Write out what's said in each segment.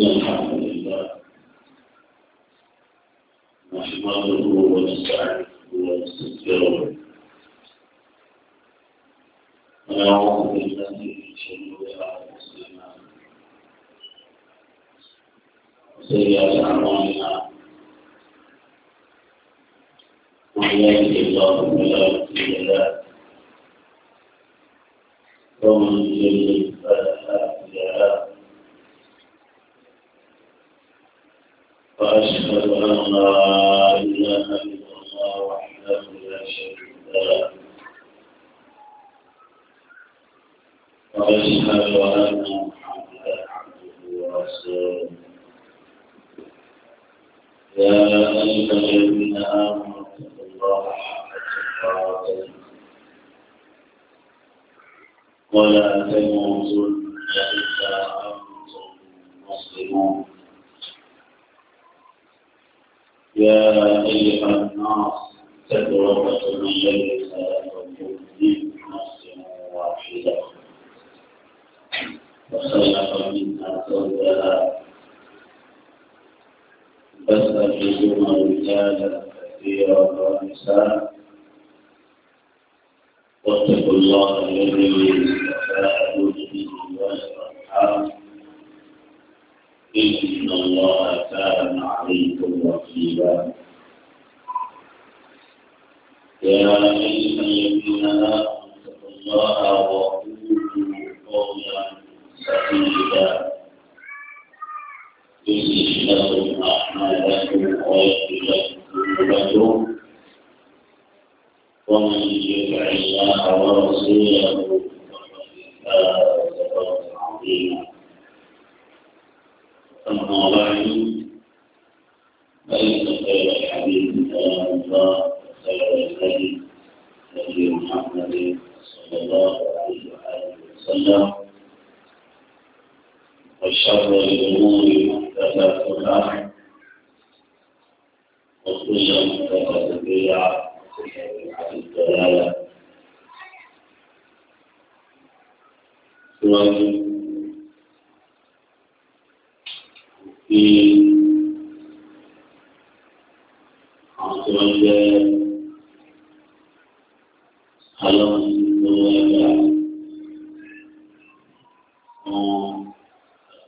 إن الحمد لله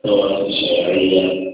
الشعرية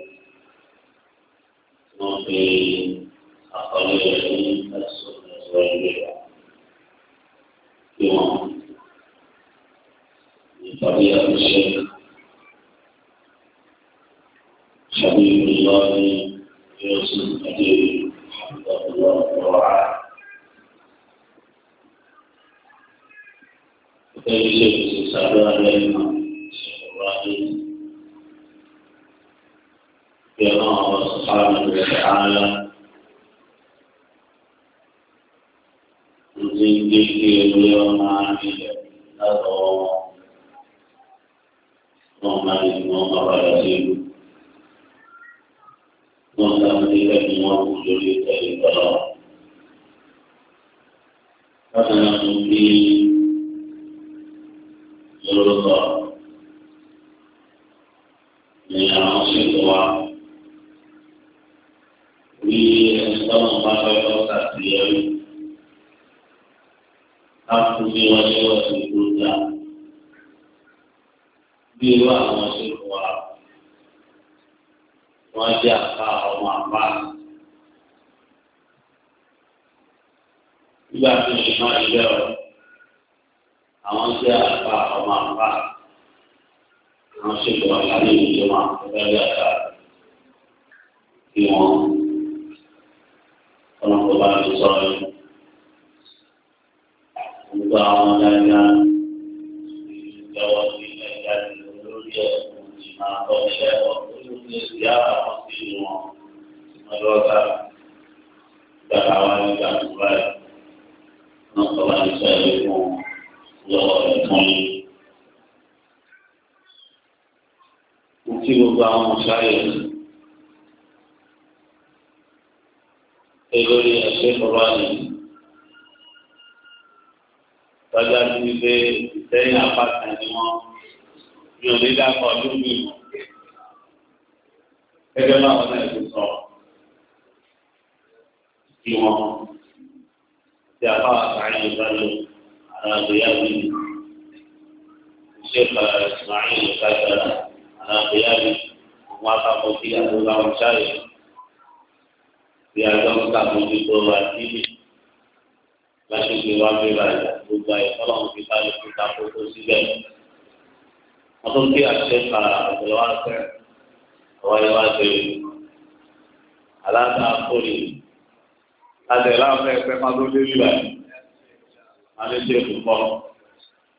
aláàbà àkórè àtẹ̀lá ọ̀fẹ́ ẹ̀fẹ́ máa tó débi rẹ̀ alẹ́ tó èkó pọ̀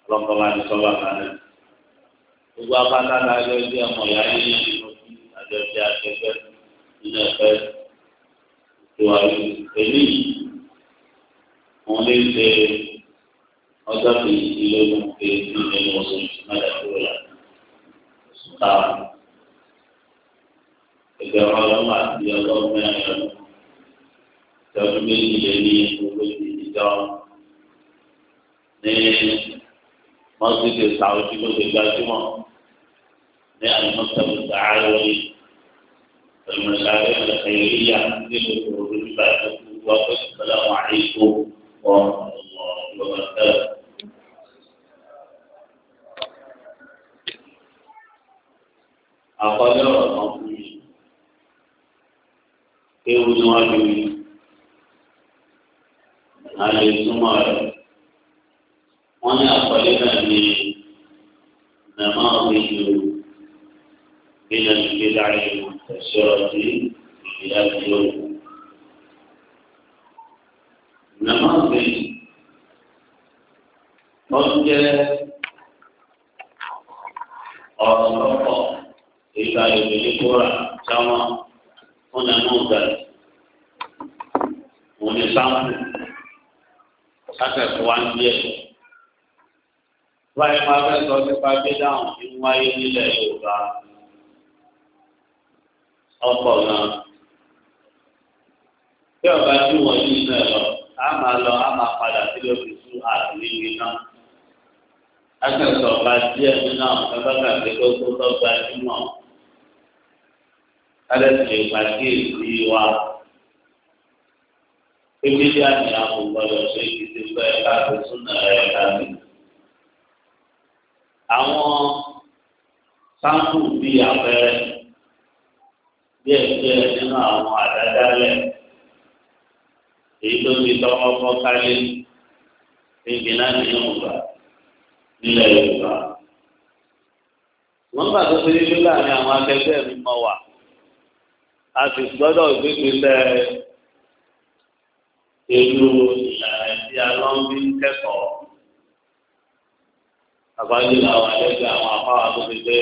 lọ́kọ̀ọ́lá ní sọ́lá kálẹ̀. gbogbo apáta náà yọ sí ọmọ ìyá yìí ní ìlú àjọ sí akẹgbẹ́ nínú ẹ̀fẹ́ ìwà èyí wọn lè ṣe ọjọ́ kejì ilé ogun kejì nínú oṣù mẹ́ta kúrò láti sùkà ẹgbẹ̀rún ọlọ́mọ àti. àti ọlọ́run mẹ́rin tọ́dún méjì lé ní ogójì ìjọ ní mọ́sídìí sàwùjí tó ti gbajúmọ̀ ní àlùmọ́sọ̀rọ̀ sàárẹ̀ المشاعر الخيرية تدل الرجل بعد السلام عليكم ورحمة الله وبركاته àkọlé ọ̀rọ̀ náà ewu níwájú yìí kúrò ìtumọ̀ rẹ̀ wọ́n ní náà ní nàmá ní sáńpù sákẹ̀kọ̀ wá ń díẹ̀. Báyìí máa fẹ́ sọ nípa gbé dáhùn tí ń wáyé nílẹ̀ Yorùbá. Ọ̀pọ̀ náà. Bí ọ̀gá tí wọ́n yí iná lọ, a máa lọ, a máa padà sílé òfìsú àtìlẹ́yìn náà. Akẹ́kọ̀ọ́ ọ̀gá díẹ̀ nínú àwọn kábàkà pé kó tó tọ́gbà nínú àwọn. Kálẹ̀ sì lè gbàgbé ìlú wa ebi dí àmì àpò gbọ́dọ̀ ṣe ìdíje gbọ ẹka àti súnà ẹka mi. àwọn sáńpù bí àpẹẹrẹ díẹ̀ díẹ̀ nínú àwọn àdádálẹ̀ èyí tó ti tọwọ́ fọ́ kálí ebi náà nínú ìgbà nílẹ̀ Yorùbá. wọ́n gbà tó fi ní nígbà ní àwọn akẹgbẹ́ mi mọ̀ wà a sì gbọ́dọ̀ gbégbé lẹ́ẹ̀ pẹ̀lú ìlànà tí a lọ ń bí kẹ́kọ̀ọ́. Àbájú làwọn àlejò àwọn afáwà tó fi pé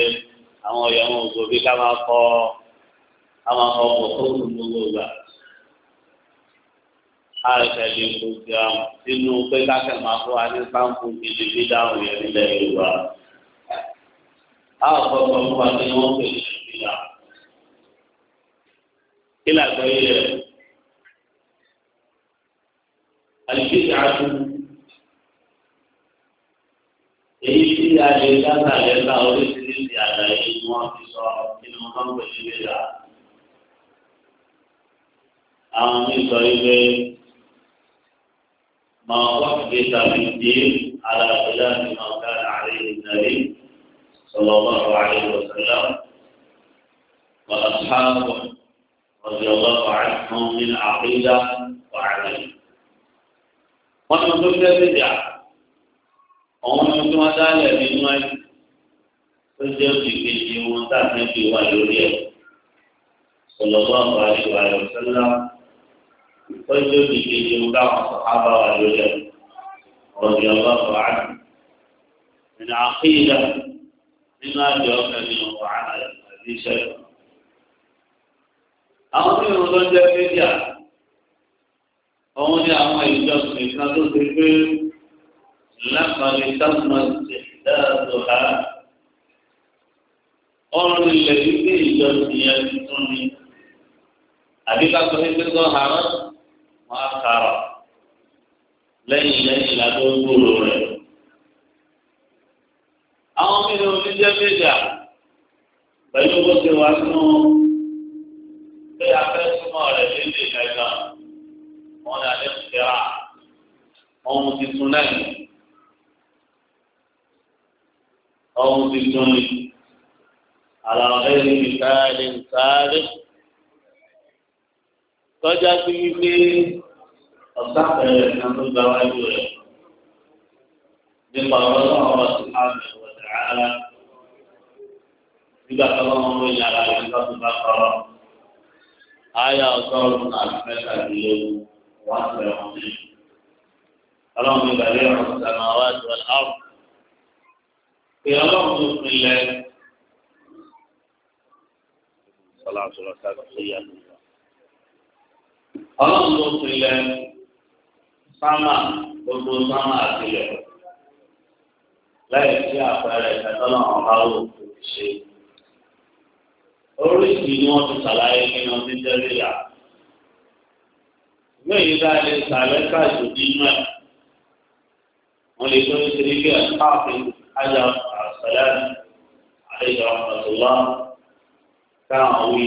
àwọn ọ̀yọ́ wọn ògbó bí ká máa kọ́ ká máa kọ́ ọkọ̀ tó kù gbogbo ìgbà. A ìṣẹ̀lẹ̀ ìgbòkèà sínú pé káṣẹ̀ máa fún wa ní sáǹpù gidi bí dáhùn yẹn nílẹ̀ Yorùbá. A kọ́ ọkọ̀ fún wa ní wọ́n pè ní ìṣẹ̀lẹ̀ kí làgbọ́ yìí rẹ̀. البدعة èyí tí a lè dáta lẹ́ta oríṣiríṣi àlàyé ni wọ́n ti sọ nínú mọ́ńgò ìbílẹ̀ àwọn mi sọ wípé máa wá fi tàbí dé alábẹ́lá ni máa ká àárẹ̀ ìnáwó sọlọ́ bá wà ní wà á sáà wọ̀ ọ̀dọ̀ ọlọ́pàá àti fún mi wà á lẹ́yìn wọ́n ní ọdún tẹ́ ṣe jà ọ̀hún ní tí wọ́n dálẹ̀ nínú ẹ̀ tó jẹ́ òkèkèjì wọn táàbí fi wà lórí ẹ̀ sọlọ́gbọ́n àwọn àṣewà rẹ̀ sẹ́lá tó jẹ́ òkèkèjì wọn táwọn sọ̀hábà wà lórí ẹ̀ ọ̀dì ọlọ́pàá àti nínú àkéyìdá nínú àjọ ọ̀fẹ́ ní ọ̀pọ̀ àti ìṣẹ́gun. àwọn tí wọ́n lọ jẹ́ méjì àti òun ní àwọn ìjọsìn nìkan ló ti pé lápàlẹ̀ támọ̀tì dáàbò ha ọrùn ilẹ̀ wípé ìjọsìn yẹn tuntun ni àbí ká sọ wípé kọ́ haram wọn á kàrà lẹ́yìn lẹ́yìn ìlànà gbòòrò rẹ̀. àwọn mìíràn oníjẹ́ méjà pẹ̀lú bó ti wà nínú pé a fẹ́ súnmọ́ rẹ̀ lédè náírà wọn ní alẹ́ ìṣẹ́ra ọ̀hún tuntun náà ni ọ̀hún tuntun ni àlàọ̀rẹ́ ní ìsáàlì ìsáàlì tọ́jà sí wípé ọ̀sá pẹ̀lẹ́ kan tó gba wájú rẹ̀ nípa ọ̀rọ̀ náà ọ̀rọ̀ sí àmì ìwọ̀dà ara nígbà tó wọ́n ń lóyún ara rẹ̀ nígbà tó bá kọ́ ọ́ àyà ọ̀sán ọ̀rùn àti mẹ́ta ìlú. وأكبر عظيم اللهم بديع السماوات والأرض في الله بسم الله صلاة الله عليه ọlọ́run ló pinlẹ̀ sámà gbogbo sámà àtìlẹ̀ láì sí àpẹẹrẹ ìtẹ́tọ́lọ́ ọ̀hánwó ṣe. oríṣi ni wọ́n ti ṣàlàyé nínú títẹ́lẹ̀ yàtọ̀ ní èyí bá lè sàlẹ̀ káàdì nínú ẹ̀ wọ́n lè tó ń ṣe ní bí ẹ̀káàfin ajá àṣàlẹ̀ àlejò àṣàlá káwọn wí.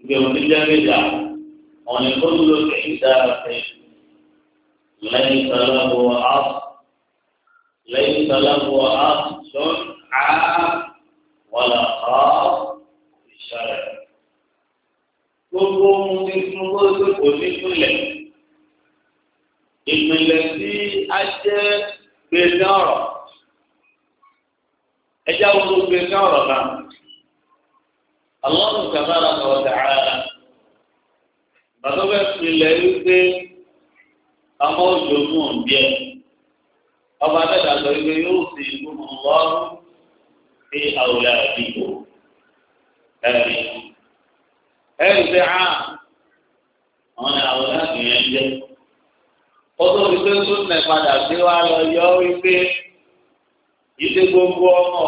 ìgbẹ́ onídẹ́gbẹ̀dà ọ̀nà ìkọ́lùlọ́ kẹ̀kí dára fẹ́ lẹ́yìn sàlẹ̀ wọ áàpù lẹ́yìn sàlẹ̀ wọ áàpù sọ́n àá wàlà áàpù ìṣàlẹ̀ gbogbo ohun tuntun gbogbo kò ní túlẹ̀. ìpìlẹ̀ tí a jẹ́ gbèsè ọ̀rọ̀ ẹjẹ́ àwọn tó gbèsè ọ̀rọ̀ náà Allahu tabaraka wa ta'ala bàtà bẹ́ẹ̀ pilẹ̀ wípé àwọn òjò mú un bíẹ́ ọba dẹ́gbà sọ wípé yóò sì kú mọ́ ọ́rùn àwòrán àdìgbò ẹ̀rí ẹrù bẹ hàn àwọn ni àwọn láti yẹn jẹ ó tó fi pé súnmẹ padà sí wa lọ yọ wípé ìdè gbogbo ọmọ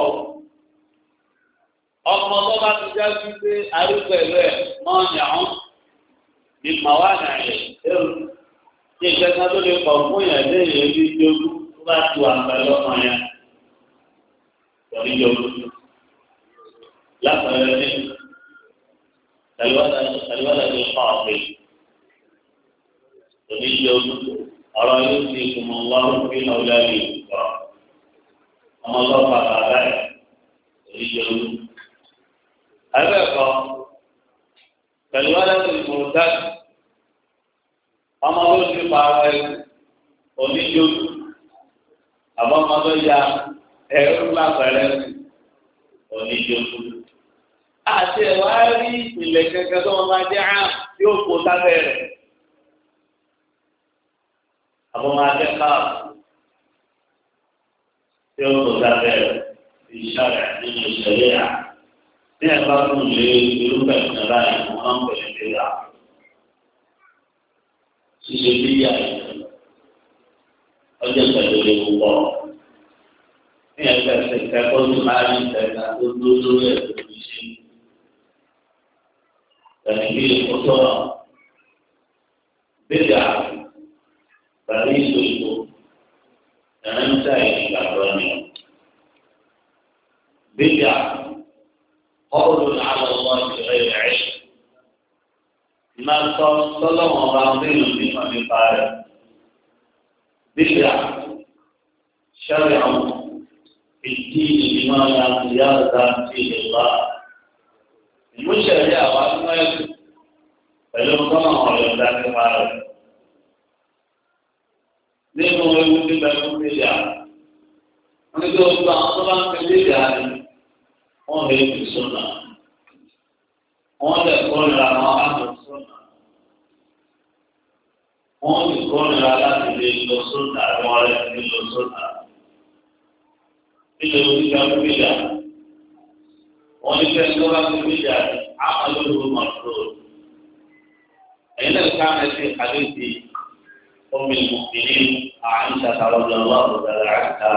ọmọ tó bá ti já sí pé arúgbẹ̀lẹ̀ náà yàn ní màwá nàìjíríà ẹrù ní ìjẹta tó lè pọ̀ fún yẹn ní èyí tí jogún tó bá tu àgbàlọ́ ọmọ yẹn lọ́ọ́ jogún látọ̀rẹ́ ní. الولد القاضي تبيض أرأيتكم الله في أولادكم أما الله فقال تبيض أبقى فالولد المرتد أما هو في فاعل تبيض أما ماذا يا أهل ما فعل تبيض àti ẹ̀wá rí ìpìlẹ̀ kankan tó wọn máa jẹ́ hàn yóò kó sábẹ́ rẹ̀. àbọ̀ máa jẹ́ káàbù yóò kó sábẹ́ rẹ̀ ìṣàlẹ̀ nínú ìṣẹ̀lẹ̀ yà. bí ẹ bá tún lé irúfẹ́ ìṣẹ̀lẹ̀ yà wọ́n máa ń pèsè pé yà. ṣíṣe bí yà ọjọ́ pẹ̀lú ewu bí ẹ bẹ̀rẹ̀ kẹ́kọ̀ọ́ ní máa ń tẹ̀ka tó dúró lórí ẹ̀ تنبيه الخسارة بدعة فريس الكفر أنا سائل الأعلامي بدعة قول على الله بغير عشق ما صلى الله عليه وسلم في قال بدعة شرع في الدين بما لا زيادة فيه ìmúṣẹ̀rí àwọn adúmọ̀ ẹ̀sùn pẹ̀lú tọ́nà ọ̀rọ̀ ìdájọ́ pa rẹ̀. nínú ewu tí bẹ fún mídíà wọn ní kí o gba àwọn tó bá ń fi mídíà ni wọn lè fi sọnà wọn lè kórìíra àwọn àgbẹ̀ sọnà wọn lè kórìíra láti lè lọ sọnà àwọn lè lọ sọnà. nínú ewu tí bẹ fún mídíà onífẹ́ tó bá tó níjà amadu mọ̀tò ẹ̀yìn ká ẹsẹ̀ àdéhùn omi ìmùkìlì àyíṣà tààrọ̀ lọ́wọ́ àbùdàrà àyíṣà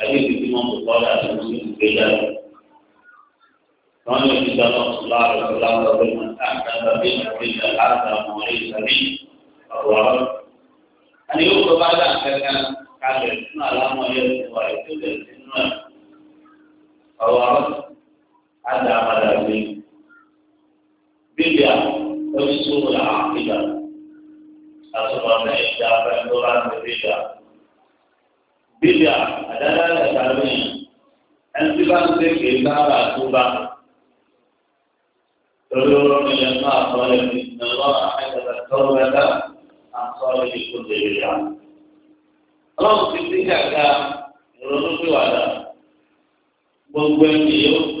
àdéhùn tí wọ́n kò kọ́ra àti oṣù ìgbéjà wọ́n lè fi dáná ọ̀la ọ̀la ọ̀la ọ̀la àgbàdàbí àgbèjà àgbàmọ̀ ìsàbí ọ̀rọ̀ àti yóò tó bá dà kankan kalẹ̀ nínú àlámọ̀ yẹn tó wà ètò ìdẹ̀sí ada pada ini beda usul akidah asbabnya dapat orang berbeda beda ada dasarnya Entikan fikir cara kubah Seluruh menjelma Soalnya Inna Allah Ahadat Tawbata Asalnya Ikut Jaya Allah Ketika Kita Menurut Kepada Membuat Dia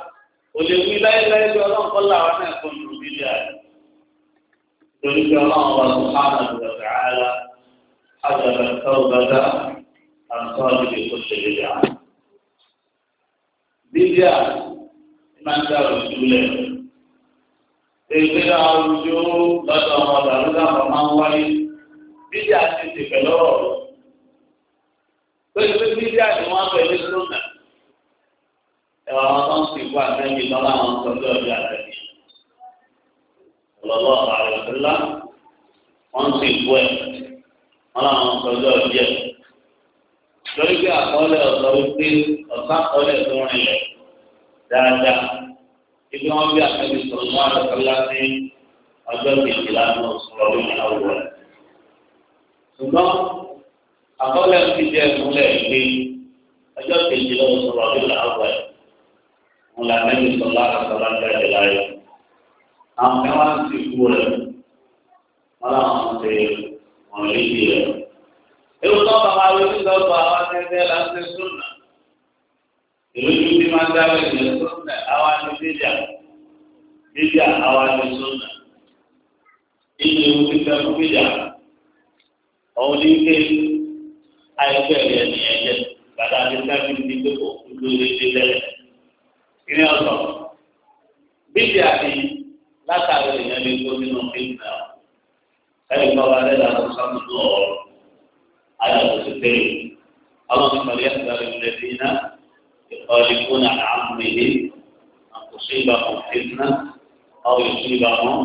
kò lè wí láéláé bí ọlọ́run kọ́ làwọn náà kò lù mí lé àná. torí pé ọlọ́run ọba tó hàn án lọ sí àlá àgbàdo tọ́gbàdá àtọ́ àdìgbò tó ṣe lè dà. bíbí à máa ń dá òjú lẹ̀. Ègbéra òjò lọ́dọ̀ ọmọ Dàrúdà kan máa ń wáyé. Bíbí àti ìsìnkẹ̀ lọ́rọ̀. Pé pé bíbí àti wọ́n pẹ̀lú Súnà. ẹwà wọn tó ń sìnkú àtẹ́bí lọ́la wọn tó lé ọjọ́ àtẹ́bí lọ́lọ́ àrẹ̀sílá wọn sìnkú ẹ̀ wọn làwọn tó lé ọjọ́ ẹ̀ lórí bí àkọọ́lẹ̀ ọ̀sọ́ wípé ọ̀sán àkọọ́lẹ̀ tó rìn lẹ̀ dáadáa ibi wọn bí àtẹ́bí sọ̀rọ̀ wọn àrẹ̀sílá sí ọjọ́ kejìlá ní oṣù lọ́wọ́ ìyàwó rẹ̀ ṣùgbọ́n àkọọ́lẹ̀ ti jẹ́ ìmúlẹ̀ ìgbé ọjọ́ kejìlá oṣù lọ́wọ́ ìyàwó rẹ̀ wọn là nẹ́bí sọlá àtọ́lá jáde láyé àwọn kan wá sí ikú rẹ̀ wọn làwọn ṣe wọn lè di rẹ̀. ewu náà bàbá wọlé nígbà tó àwọn akẹ́kẹ́ là ń ṣe súnà ìlú yìí ti máa ń dáwọ́ ìyẹn súnà àwọn àti bíjà bíjà àwọn àti súnà ìlú ewu ti fẹ́ fún bíjà ọ̀hún ní ké ayẹyẹ ẹ̀yẹ nìyẹn jẹ bàtà ti fẹ́ fún ní pé òkú lórí ilé lẹ́yìn. kìnìún ọ̀sọ̀ bíbí àti látàrí èèyàn lè kó nínú fíìmù ẹ̀rọ ìgbàwá rẹ̀ làwọn sàmúlò ọ̀rọ̀ ayàtọ̀sí tẹ́lẹ̀ ọlọ́run ìpàdé àtàrí ìrẹsìnà ìkọlìkún àmìlẹ̀ àkùsí ìbàmọ̀ fíìmù ọ̀rọ̀ ìsún ìbàmọ̀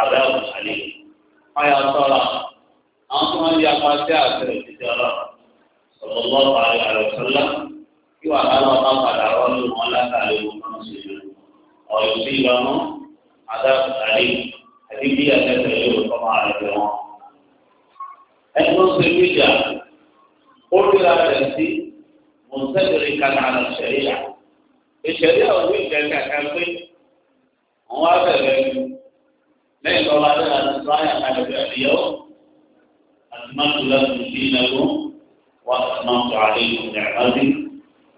àbẹ́wò sàlẹ̀ ọ̀yà sọ̀rọ̀ àwọn tí wọ́n di apáṣẹ àtẹ̀rẹ̀ títí ọlọ́run sọ̀rọ̀ lọ́wọ́ àrẹ àrẹ sọ́lá kí wàhálà ọ̀tá padà rọ́ọ̀lù wọn látàrí wọn. المسلمين ويصيبهم عذاب أليم هذه هي التي يحكم عليهم المسلم جاء قدر نفسي مستدركا على الشريعة الشريعة وين جاء كافي هو هذا ليس هذا الصايع على اليوم أتممت لكم دينكم وأتممت عليكم نعمتي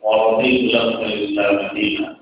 ورضيت لكم الإسلام دينا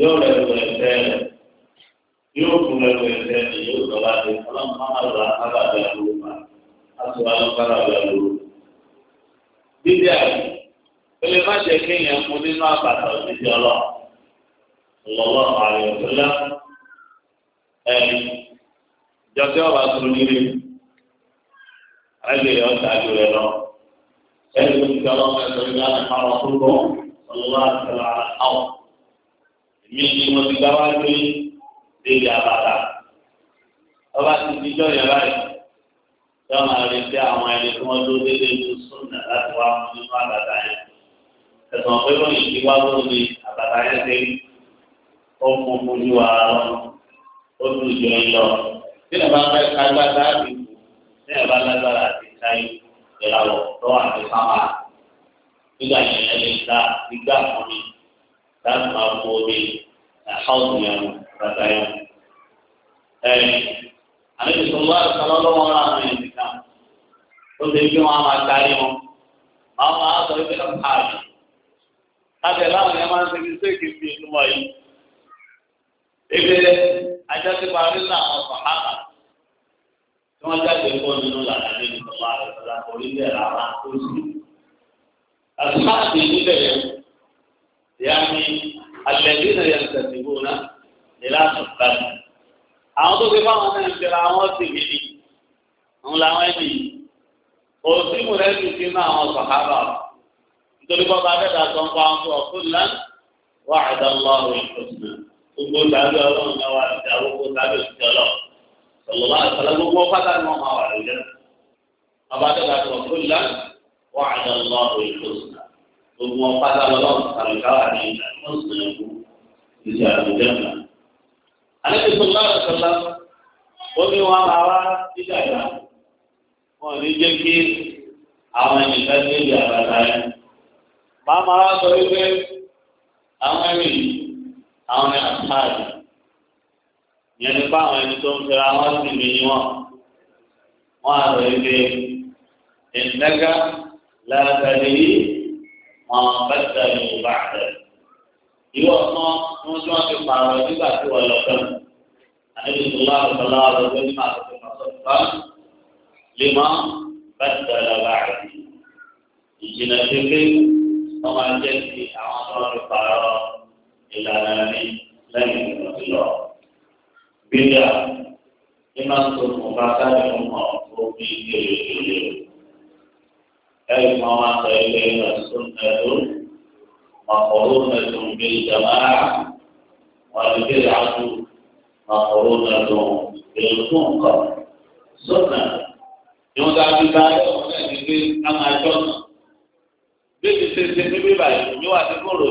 yóò rẹ̀ lu ẹ̀fẹ́ rẹ̀ yóò kú rẹ̀ lu ẹ̀fẹ́ rẹ̀ yóò sọ̀rọ̀ àti ọlọ́run máa lọ àkàbà rẹ̀ lóru ma àti wà lọ́kàrà rẹ̀ lóru. Dídí àyè ó lè má ṣe kéèyàn mú nínú àbàtà òṣìṣẹ́ ọlọ́run lọ́wọ́ àyè òṣèlú ẹ̀yìn ìjọsìn ọba tó nílé alẹ́ yọ ṣáájú rẹ̀ lọ. Ẹ̀yìn ìjọba ọmọ ẹ̀sọ́ ìgbà àti àwọn ọkùnrin bọ̀ ọ̀lọ́wọ́ àti àwọn èmi ni mo ti gbá wá lórí débi àbàtà ọba ti di jọ yẹn báyìí yọ máa rí sí àwọn ẹni tí wọn dúró déédéé tó súnà láti wá mú nínú àbàtà yẹn ẹ̀sán pé wọ́n yìí ti wá lórí àbàtà yẹn ṣe ó fún fojú wa lọ ó dùn jọ yín lọ tí ẹ bá fẹ́ ká gbàgbá àti kù tí ẹ bá lágbára àti ká yín ìlàwọ̀ lọ́wọ́ àti sáwà nígbà yẹn ẹ lè gba ìgbà fún mi láti máa kó omi àháùsì yẹn bàtà yẹn. ẹ̀yìn àlejò tó wá sọ́lọ́ lọ́wọ́ wọn àwọn èèyàn ti kàn ó ṣe kí wọ́n á máa darí wọn àwọn máa sọ pé ó kà á láti ẹ̀ láwọn yẹn máa ń ṣe ṣé kìí fi ìtumọ̀ yìí. ebe ajá ti parí láwọn sọ̀hábà tí wọ́n jáde kó nínú làdá nínú sọ̀hábà orílẹ̀-èdè àwọn àkóso. àti máa ti níbẹ̀ yẹn. يعني الذين ينتسبون إلى صفات àwọn tó fi fáwọn náà ń jẹrà àwọn sì gidi ń la wọn ẹbí òsì mùrẹ́bì sí náà àwọn sàhábà nítorí bọ́ba abẹ́ta tó ń pa àwọn tó ọ̀kú ńlá wà àdánlọ́rù ìtòsínà gbogbo tàbí ọlọ́run náà wà àti àwòkó tàbí òṣìṣẹ́ ọlọ́run sọlọ́lá àtàlà gbogbo pátá gbogbo wọn pátá lọ́wọ́ àlùkáwà ní àlùmọ́sùnmẹ́kù ìdí àlùjẹ́mà. Àlejò tó bá wà sọ́lá, ó ní wọn máa wá dídà yá. Wọ́n ní jẹ́ kí àwọn ènìyàn ní ìdí àbàtà yẹn. Màá máa wá sọ wípé àwọn ẹ̀mí àwọn ẹ̀mí àtàdì. Yẹn ní bá àwọn ẹni tó ń fẹ́ra wọn sì mí ni wọ́n. Wọ́n á sọ wípé ìnága làtàlẹ́ yìí. ما بدلوا بعده ìwọ ọmọ wọn tí wọn ti pààrọ̀ nígbà tí wọn lọ fẹm àdébìsọlá àbùsọlá àbùsọlá ní màá tó fẹm àtọkùnfà lè mọ bàtàlà báyìí ìjìnlẹ̀ pépé wọn máa jẹ ti àwọn tí wọn ti pààrọ̀ ìlànà mi lẹ́yìn ìrọ̀lọ́ gbígbà ní máa ń tó fún bàtà ní ọmọ òbí ìdílé ìdílé. كيف مات إلينا السنة مقرونة بالجماعة والبدعة مقرونة بالفرقة سنة yóò dá bí báyìí ọmọ náà ti gbé káma jọ nà bébí ṣe ṣe bébí báyìí yóò wá sí kúrò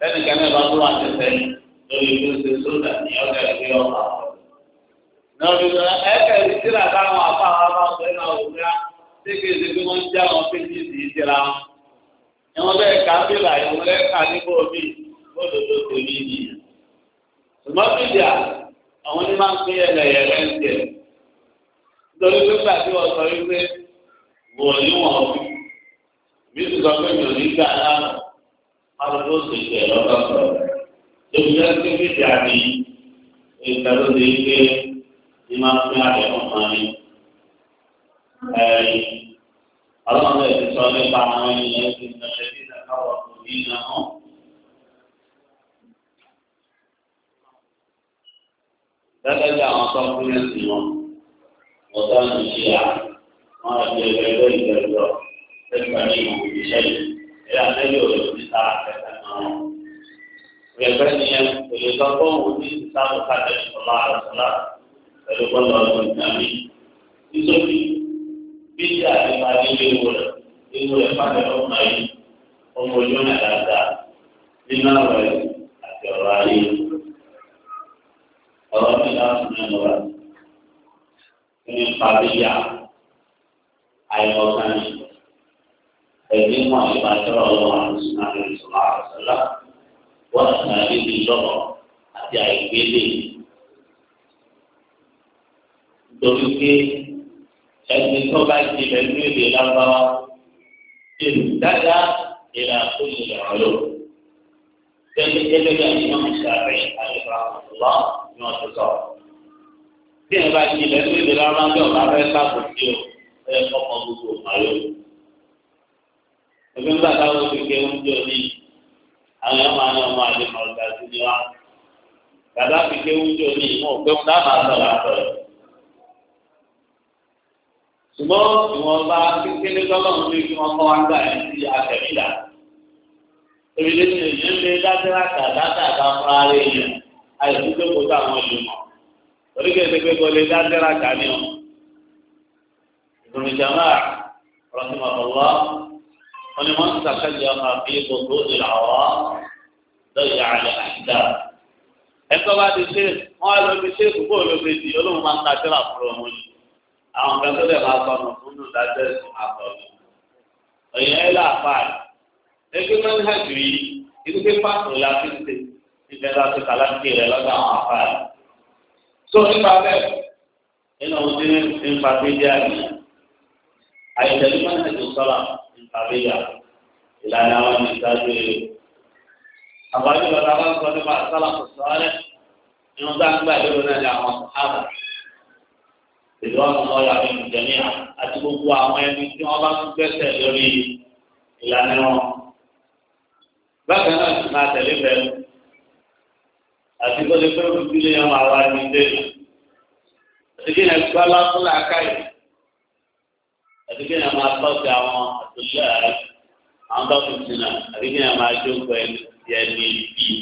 lẹ́nìkan náà bá tó wà tẹ̀sẹ̀ lórí bí ó ṣe sódà ní ọjà ìgbé ọ̀pá. náà kéèké ṣe pé wọ́n já wọn péjì sí i síra wọn. ìwọ̀n bẹ́ẹ̀ ká bí làyè wọn lẹ́ka níbo mi bódodo tó ní ìyẹn. ṣùgbọ́n bíjà àwọn ní máa ń pín yẹlẹyẹlẹ ń jẹ. nítorí pé gbà tí wọ́n sọ wípé wò ní wọn ò bí ti sọ pé mi ò ní gbà náà alùpùpù sì jẹ lọ́kọ̀ọ̀kọ̀. lóbi jẹ́ pé bíjà ni ìtàlódé ike ni máa ń pín àbẹ̀ ni ẹ̀rí ọlọ́run ẹ̀ ti sọ nípa àwọn ènìyàn ti sọ̀rọ̀ sí ìdákàwọ̀ tó ní ìnáwó. gẹ́gẹ́ bí àwọn sọ́kúnrẹ́sì wọn ọ̀tá ní ṣe à wọ́n á di ẹgbẹ́ ìgbẹ́jọ́ ẹgbẹ́ ní ìmọ̀ ìṣẹ́ yìí ẹ̀yà lẹ́yìn òòlù níta ẹ̀ka náà. Ìgbẹ́gbẹ́ ni ẹ kò lè sọ fún òun ní ìsáàbù kájọ ìṣọ̀lá àrùsọ̀lá pẹ̀lú bọ́ọ̀lù ọdún ìgbàmí. Nítorí bíbí àti padìlé ewu rẹ̀ ewu rẹ̀ pàtẹ ọmọ yìí ọmọ ojú ọ̀nà dáadáa nínú àwọn ẹ̀ àti ọ̀rọ̀ ayé ọ̀rọ̀ mi láti mẹ́nu rà ní pàbíyà àìmọ̀kan ẹ̀mí wọn ìbájọ́ ọlọ́run àti sùnàmì ìṣòro àṣọlá wọ́n ti nà ní ìjọba àti àìgbélé nítorí ẹni tó bá ti lẹ ní èdè lábáwá ìdájà ìlà tó lè lọ lọ. Bẹ́ẹ̀ni ẹlẹ́gbẹ́ àti wọn ti ṣàbẹ̀ àlùfà lọ ni wọ́n ti sọ. Bí ẹ bá ti lẹ ní èdè lábáwá ní ọ̀gá fẹ́ sáàbò sí o, ẹ kọ́kọ́ gbogbo màlúù. Ẹgbẹ́ nígbà táwọn kékeré ń jọ ní àwọn ọmọ àwọn ọmọ àlè màlúù àti níwá. Bàbá kékeré ń jọ ní ìmọ̀ ṣùgbọ́n ìwọ̀nba kékeré tọ́lọ́run ní ìfún ọkọ wa gbà ẹ̀ sí àtẹ̀mílà. Ebile ní èyí ń lé dáadáa dáadáa fúnra rẹ̀ yẹn, àìsí tó kó táwọn ìlúmọ̀. Oríkèé ti pé kò lè dáadáa kà ní ọ̀. Ìgbìmọ̀ ìjàmbá rọ̀sùmọ̀ ọ̀wọ́ wọn ni wọ́n ń sàkájọ àfi gbogbo ìlàwọ́ lọ́yà àlẹ́ àṣìdá. Ẹ̀kọ́ bá ti ṣe, wọ́n á lọ fi ṣe ìkúkú àwọn kan tó lè máa sọnù fún un dájọ́ ìsìn àtọ̀nù. ọ̀yàn ẹ̀ là fà á ẹgbẹ́ mẹ́nhàj yìí inú pé pàtó la fi ṣe ìfẹ́ la fi kàlá ti rẹ̀ lọ́dọ̀ àwọn afá rẹ̀. sọ nípa bẹ́ẹ̀ nínú ohun tí nípa pé jẹ́ àmì àìsàn nípa náà tó sọ́ra nípa pé yà ìlànà àwọn ìṣáájú rẹ̀. àbájọ bàtà bá ń sọ nípa sálàkùsọ rẹ̀ nínú ìlú ọmọ ọyà fún ìjẹmí àti gbogbo àwọn ẹni tí wọn bá tún gbẹ́sẹ̀ lórí ìlànà wọn. bákan náà ti máa tẹ̀lé bẹ́ẹ̀ àti tó lè fẹ́ ojúlé ọmọ àwa ní ilé àti kí yẹn gbọ́ lọ́kùnrin àkàyè àti yẹn máa tọ́jú àwọn àtúnṣe ààrẹ àwọn tó sinà àti yẹn máa jókòó ẹni ẹni bíi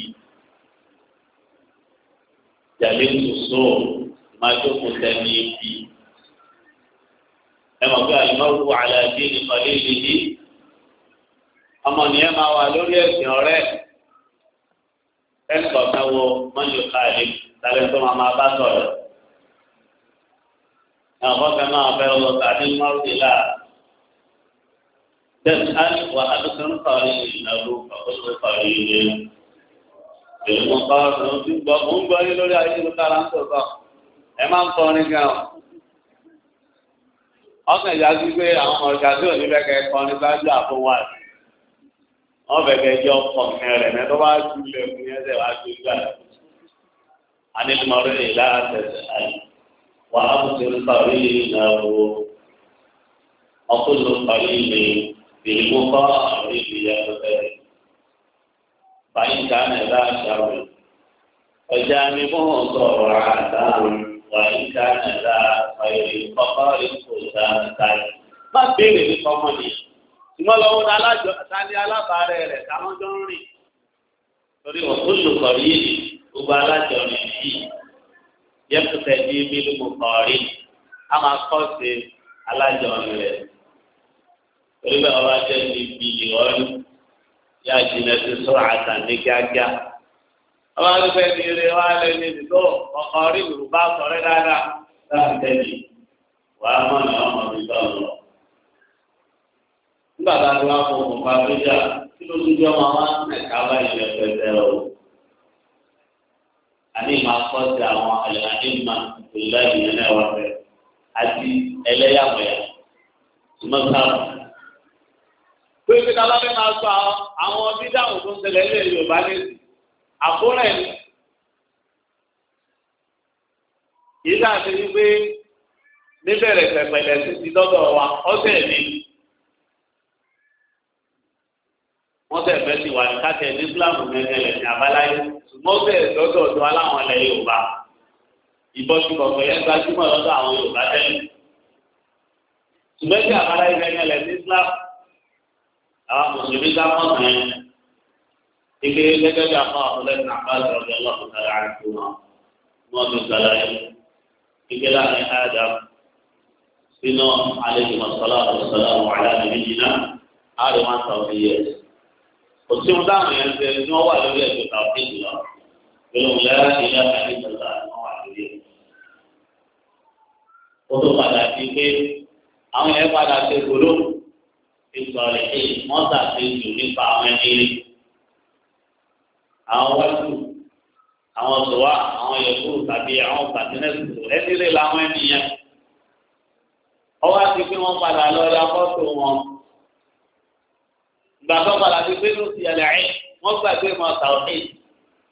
jàlé ń sòsò máa jókòó sẹ́mi etí. ẹ mọ̀ pé àyùmọ̀wò àlàyé nìkan lè lè dé. ọmọ nìyẹn máa wà lórí ẹ̀sìn ọ̀rẹ́ ẹ̀kọ́ táwọn mọ́nyọ́ káàdì tàbí tó máa máa bá sọ̀rọ̀. àwọn kan náà fẹ́ lọ sàdé mọ́rùdì láà. تسأل وأبصر قليلا فقل قليلا. Èèmọ̀ bá ọ̀sán tí gbọ́, mo ń gbọ́ yín lórí ayélujára ń ẹ máa ń kọrin gan ọ ọkàn ìyá sí pé àwọn ọmọ ìjà tí ò ní fẹ́ kẹ kọrin gbájú àfọwọ́ àti wọn fẹ́ kẹ jọ kọ̀ọ̀kan rẹ̀ mẹ́tọ́ bá dúlẹ̀ fún yẹn tẹ̀ wá ju gbà anilmọ́rẹ́ ìlà àtẹ̀sẹ̀ àyè wà á kò sí nítorí ìlà owó ọkùnrin nítorí ìlè ìlú kọ́ àwọn ìlú yẹn lọ́tẹ̀rẹ̀ báyìí kan ẹ̀ láṣà rẹ̀ ọjà mi fún ọ̀sọ̀ ọ̀rọ̀ àtàwọn. وإن كان ذا خير فقال سلطان ثاني má béèrè ní kọ́mọ́ ni ìmọ̀ lọ́wọ́ ní alájọ àtàlẹ́ alábàárẹ̀ rẹ̀ táwọn jọ ń rìn torí wọn tó lò kọ̀ yìí gbogbo alájọ rìn yìí yẹ́pùtẹ̀ ní mílíọ̀nù kọ̀ọ̀rí a máa kọ́ sí alájọ rẹ̀ torí bẹ́ẹ̀ wọ́n bá jẹ́ ní ibi ìrọ́lù yá jìnnà sí sọ́ra àtàlẹ́ kíákíá ọba arúgbó ẹni rẹ wá lẹni ìdìbò ọkọ rí ìlú bá sọ̀rọ̀ dáadáa láti tẹ̀lé wàá mọ̀ ní ọmọ mi tọ̀ lọ. nígbà tá a ti wá fún òkun pa péjà kí ló tún jẹ́ ọmọ wa ẹ̀ka báyìí lẹ pẹ̀lẹ́ o. àní máa kọ́ sí àwọn àlàyé máa ìpìlẹ̀ ìyẹn náà wà fẹ́ àti ẹlẹ́yàmẹ̀yà mọ́sáàbù. pé kí ká bá fẹ́ máa sọ àwọn bídà òkun tẹ̀lé ilé Yorùbá nìyí àbúrò ẹ̀ yìí láti rí pé níbẹ̀rẹ̀ pẹ̀pẹ̀lẹ̀ sí ti dọ́dọ̀ wa ọ̀sẹ̀ mi wọ́n tẹ̀ fẹ́ ti wà ní káàkiri ní fúlàmù mẹ́tẹ̀lẹ̀ ní abáláyé ṣùgbọ́n ó tẹ̀ dọ́dọ̀ ọ̀dọ̀ aláwọn ilẹ̀ Yorùbá ìbọn ti kọ̀ọ̀kan yẹn gbajúmọ̀ lọ́dọ̀ àwọn Yorùbá tẹ́lẹ̀ ṣùgbọ́n tí abáláyé fẹ́ ní ẹlẹ́ àwọn mùsùlùmí dá mọ́tàn yẹn ike gẹ́gẹ́ bí afa ọlẹni àbájọ ọdẹ Ọlọ́run tààrà àti wọn wọn ti sàlàyé ike láàrin adam sínú alẹbi mọsálà mọsálà wàhálà níbi jìnnà àrùn one thousand years òsì wọn dáhùn yẹn ṣe ni wọn wà lórí ẹjọ́ tàbí jùlọ pẹ̀lú ìlera ìlera àti ìjọba wọn wà lórí ẹjọ́. ó tó padà sí pé àwọn yẹn padà ṣe gbòòrò ìsọ̀rẹ̀ ẹ̀ mọ́tà ṣe jù nípa àwọn ẹni rí àwọn wáṣù àwọn sọ̀wá àwọn yẹ̀kúrò tàbí àwọn pàtínẹ́sì ẹni lè làwọn ènìyàn. ọwọ́ àti pé wọ́n padà lọ ra fọ́tò wọn. ìgbà tó padà ti pé lóṣù yàrá ẹ̀ wọ́n gbàgbé wọn tàwọn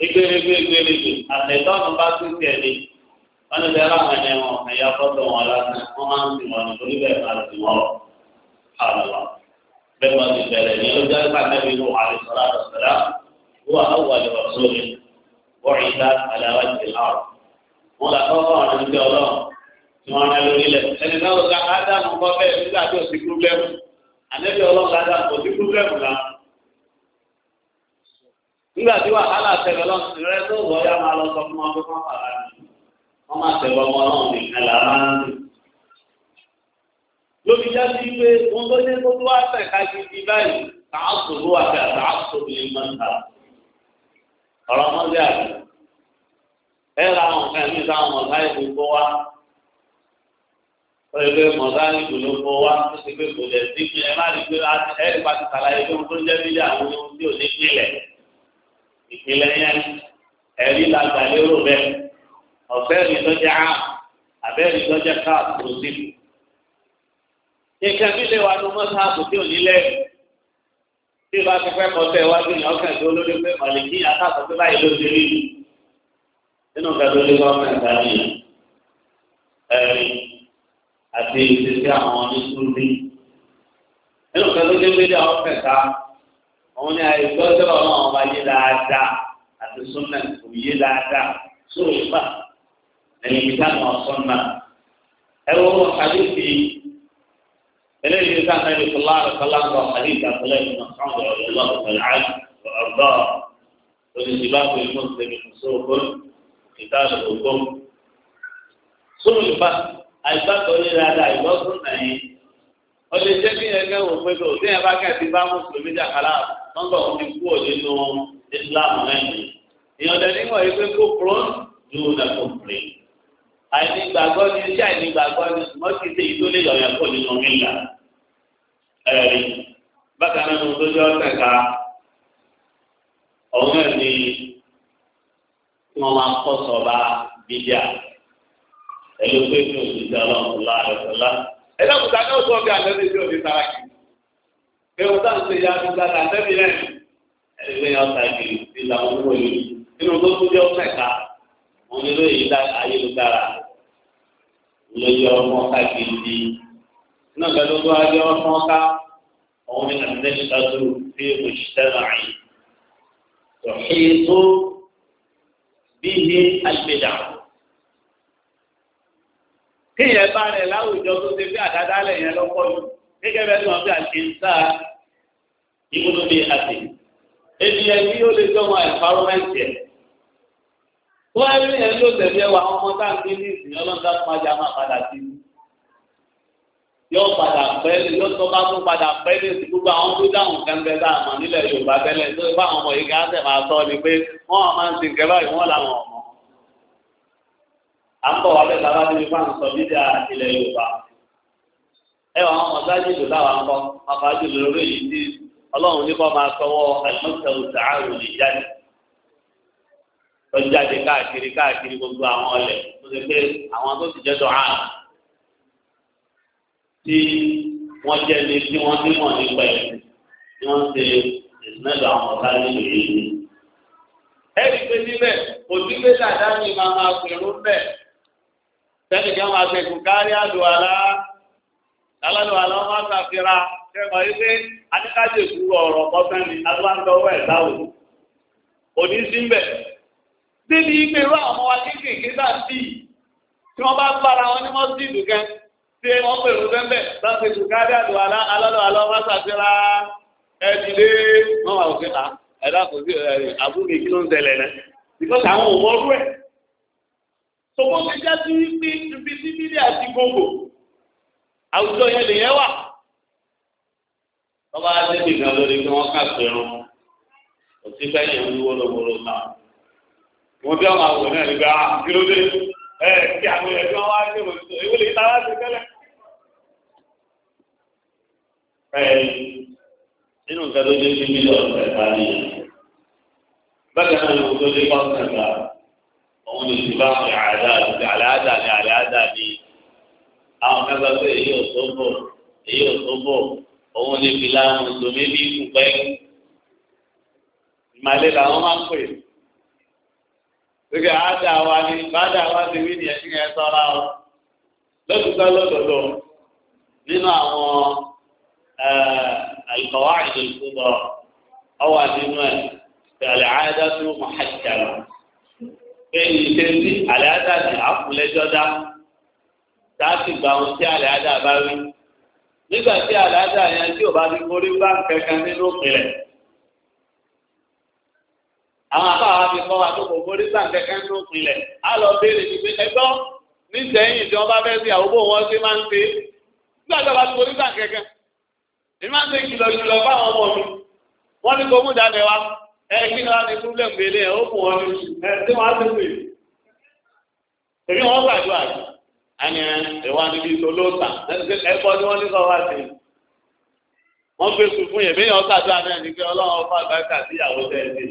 ìgbèrègbè ìgbèrègbè àtẹ̀tọ́nù bá tún tiẹ̀ ní. wọ́n ní bẹ́ẹ̀ láwọn ẹni wọn ẹ̀yà fọ́tò wọn lásán wọ́n máa ń sìn wọn nítorí bẹ́ẹ̀ máa sìn wọn lọ. àlọ́ هو أول رسول بعث على وجه الأرض ولا تضع من الله tumana lórí lẹ ẹni náà ọgá ádámù لا bẹ́ẹ̀ nígbà tó sí kúrúbẹmù ànẹbí ọlọ́run ádámù kò sí kúrúbẹmù la nígbà tí wàhálà tẹ́lẹ̀ lọsùn rẹ tó wọ ya máa lọ sọ fún wọn pé wọn fà á nù wọn máa tẹ́lẹ̀ ọmọ ọlọ́run nìkan là á ń lò. lóbi jáde pé wọn tó ní kó tó wá tẹ̀ka ju ti báyìí tààsùn ló wà kí àtàásùn lè máa ọ̀rọ̀ mọ́lẹ́ àbí ẹ ra àwọn nǹkan ẹ̀mí sáwọn mọ̀sáì gbogbo wa ó lè gbé mọ̀sáì gbogbo wa ó sì gbé kò lẹ̀ sí pé ẹ má rí pé ẹ̀rí pàtó sàlàyé pé wọ́n jẹ́ bí àwọn ohun tí ò ní pìlẹ̀ ìpìlẹ̀ yẹn ẹ̀rí la gbà lérò bẹ́ẹ̀ ọ̀fẹ́ rí lọ́jà á àbẹ́rí lọ́jà káàkiri sí. nǹkan bí lè wà ló mọ́ sáà kò tí ò ní lẹ́yìn tí o bá fi fẹ́ kọ́ tẹ iwájú ni ọkàn tó lórí pé màlìkí àtàkùn tó báyìí ló ṣe rí i nínú gàdó lé wọn fẹ́ nǹkan ní ẹ̀rí àti ìṣesí àwọn onísúndí nínú gàdó lé méjì àwọn fẹ̀ka òun ni àìsọ́ tí ọ̀rọ̀ àwọn ọba yé dáadáa àti súnmẹ̀ kò yé dáadáa sóòpà ẹ̀yìn ìdáná ọ̀sán náà ẹ̀rọ àdéhùn eléyìí ní sáà nàbì sọlá àrùsọlá ń bọ àdìsí àtọlẹ ìmọ sọmọ ọlọlọ ọlọlọ ọgbọ oníṣìbá kò ní mọsẹmí sọgbó ìta àgbògbó sórí ìfà àìsàkó ní rárá ìgbọ́sùn náà yìí ọlẹ jẹ kí yẹn kẹwò pé tó tí yẹn bá kẹsì bá mùsùlùmí jàkálà nọmbà òun ti kú òde nù islam náà yìí ìyọ̀dẹ̀ níwọ̀n yìí pé kó kúrò ju nàkó pèlè. àìnígbàgbọ́ ni iṣẹ́ àìnígbàgbọ́ ni wọ́n ti ṣe ìlú lè kó nínú mílà ẹ̀rí bákan náà mo tó jẹ́ ọ̀sẹ̀ ká ọ̀hún ẹ̀ ni wọ́n máa kọ́ sọ̀ba bíjà ẹ̀lú pé kí òṣìṣẹ́ ọlọ́run láàrẹ̀ sọ́lá ẹ̀dá kùtà náà tó ọ̀gá pé ya gbogbo àtẹ́bí rẹ̀ ẹ̀rí pé ọ̀sà ìgbìlì ti làwọn owó yìí nínú tó tún yẹyẹ ọmọ ká gidi náà gbẹdọ tó ayé ọmọ ká ọmọ mi náà ní ìtàdó bí òṣìṣẹ́ra yìí tòṣìṣẹ́ tó bí ní àgbèdà kéèyàn bá rẹ láwùjọ tó ṣe bí àdáda lẹ́yìn lọ́pọ̀ yìí gẹ́gẹ́ bẹ́ẹ̀ tó wọn bí àti ń sá ìmúlò bíi àti èdè ẹbí ó lè jọmọ ẹfárọmẹǹtì ẹ wọ́n á rí ẹ̀ ló tẹ̀lé wa àwọn ọmọ tá à ń gbé ní ìsìn ọlọ́dà tó máa jẹ àmà padà sí i. yóò padà pẹ́ yóò tó bá tún padà pẹ́ ní ìsìn gbogbo àwọn tó dáhùn kẹ́ńtẹ́ tá a mọ̀ nílẹ̀ Yorùbá tẹ́lẹ̀ tó bá àwọn ọmọ yìí kan tẹ̀ máa sọ ni pé wọ́n máa ń sin kẹ́ báyìí wọ́n làwọn ọmọ. à ń bọ̀ wá bẹ́ẹ̀ bàbá níbi fáwọn sọ bídà ilẹ̀ Yorùbá. ẹ wà wọn mọ̀sájì lò láwọn akọ màfàájì lò lórí yìí tí Ọlọ́run ní kọ́ máa sọwọ́ àlùmọ́sẹ̀ òṣàárò tọ́jáde káàkiri káàkiri gbogbo àwọn ọlẹ̀ tó ṣe pé àwọn tó ti jẹ́ dọ̀hà tí wọ́n jẹ́ ní tí wọ́n ti mọ̀ nípa ẹ̀ tí wọ́n ṣe ìsúnẹ́dọ̀ àwọn ọ̀tá nínú èyí ni. ẹ rí i pé níbẹ̀ òbí pé dàda mi máa máa pèrò bẹ̀ sẹ́ni kí wọ́n máa fẹ́ kún kárí àlò àlá wọn máa ṣàfira kẹ́kọ̀ọ́ yìí pé adékájèkú ọ̀rọ̀ kọ́sẹ́ni adúláńdọ́wọ́ ẹ̀ láwùjọ òní sí débi ipe irú àwọn ọmọ wa kéékèèké náà sí i tí wọ́n bá gbára wọn ní mọ́sídìdì kan tí wọ́n pè wọ́n bẹ́ẹ̀ láti ṣe kárí àdùn alọ́lọ́ alọ́wọ́ sàtìrà ẹ̀dìlé wọn wà òkè ta ẹ̀dá kò sí àbúrò kí ló ń tẹ̀lẹ̀ náà because àwọn ò wọ́rú ẹ̀. Sọ̀kọ́ ti já sí ní ibi tí bílí àti gbogbo àwùjọ yẹn lèyẹn wà. Bọ́lá Adébìkan lórí kí wọ́n kà sí irun wọ́n bí ọmọ àwòrán náà nígbà kí ẹ kí àwọn ẹ̀rí wọn wá dé òṣù èwo lè ta láti tẹ́lẹ̀. nínú nǹkan tó dé sí mílíọ̀nù ẹ̀ka ni bákan náà lóko tó dé pásítọ̀ ẹ̀ka òun lè ti bá àwọn àdá àti àlàádà ni àlàádà ni àwọn kan sọ pé èyí ò tó bọ̀ èyí ò tó bọ̀ òun lè fi láwọn lòmí bí kú ìmàlẹ́ làwọn máa ń pè é. Gbogbo àádá wa ni bàdá wa ti wí nìyẹn o. nínú àwọn ọwà nínú ẹ̀ tó mọ̀ àjàlá. dá. gba ohun tí àwọn afáwa fi kọ́ wa tó kò mórí sàǹkẹ́ kẹ́ńtù pinlẹ̀ á lọ béèrè níbi ẹgbọ́ nísẹ̀yìn tí wọ́n bá fẹ́ sí àwòbó wọn ṣe máa ń ṣe nígbà tó bá ti mórí sàǹkẹ́ kẹ́ èmi máa ń ṣe kìlọ̀kìlọ̀ fáwọn ọmọ mi wọ́n ní kó mú jáde wa ẹ kí ni wọ́n ti kú lẹ́gbẹ̀ẹ́lẹ́ ẹ̀ ó kù wọn ní ẹ tí wọ́n á ti pè é èmi wọ́n gbàdúrà ẹni ẹ̀wọ̀n níbi ìṣòlóòtà ẹ̀kọ́ ni wọ́n ní sọ wá sí i wọ́n gbé sùn fún yẹ̀mí ọ̀sàdúrà náà ní pé ọlọ́run ọba àgbàkà síyàwó tẹ̀ ẹ́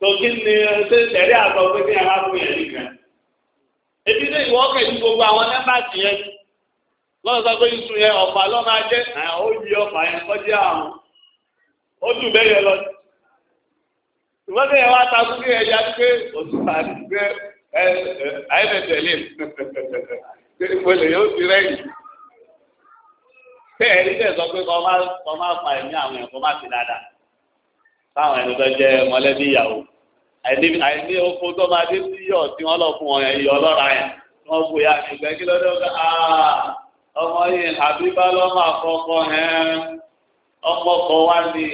tòkí ni ṣe tẹ̀lé àgbà pé kí ẹ̀rọ àbúrò yẹn nìkan. Ebi ní ìwọ kẹ̀jú gbogbo àwọn nẹ́mbà yẹn. Lọ́nà sọ pé iṣu yẹn ọ̀fà lọ́ máa jẹ́ ó yí ọ̀fà yẹn kọjá àwọn. Ó dùn bẹ́ẹ̀ yẹn lọ. Ìwọ́n bẹ́ẹ̀ wá ta fún kí ẹja pé àti pé ẹ ẹ yóò ti rẹ́yìn. Bẹ́ẹ̀ ni pé kọ́ máa fáwọn ẹni tó jẹ mọ̀lẹ́bí ìyàwó àìní oko tó máa dé sí yọ tí wọ́n lọ fún yọ ya ìgbẹ́ kí ká ọmọ yìí àbíbá ọmọ wá ní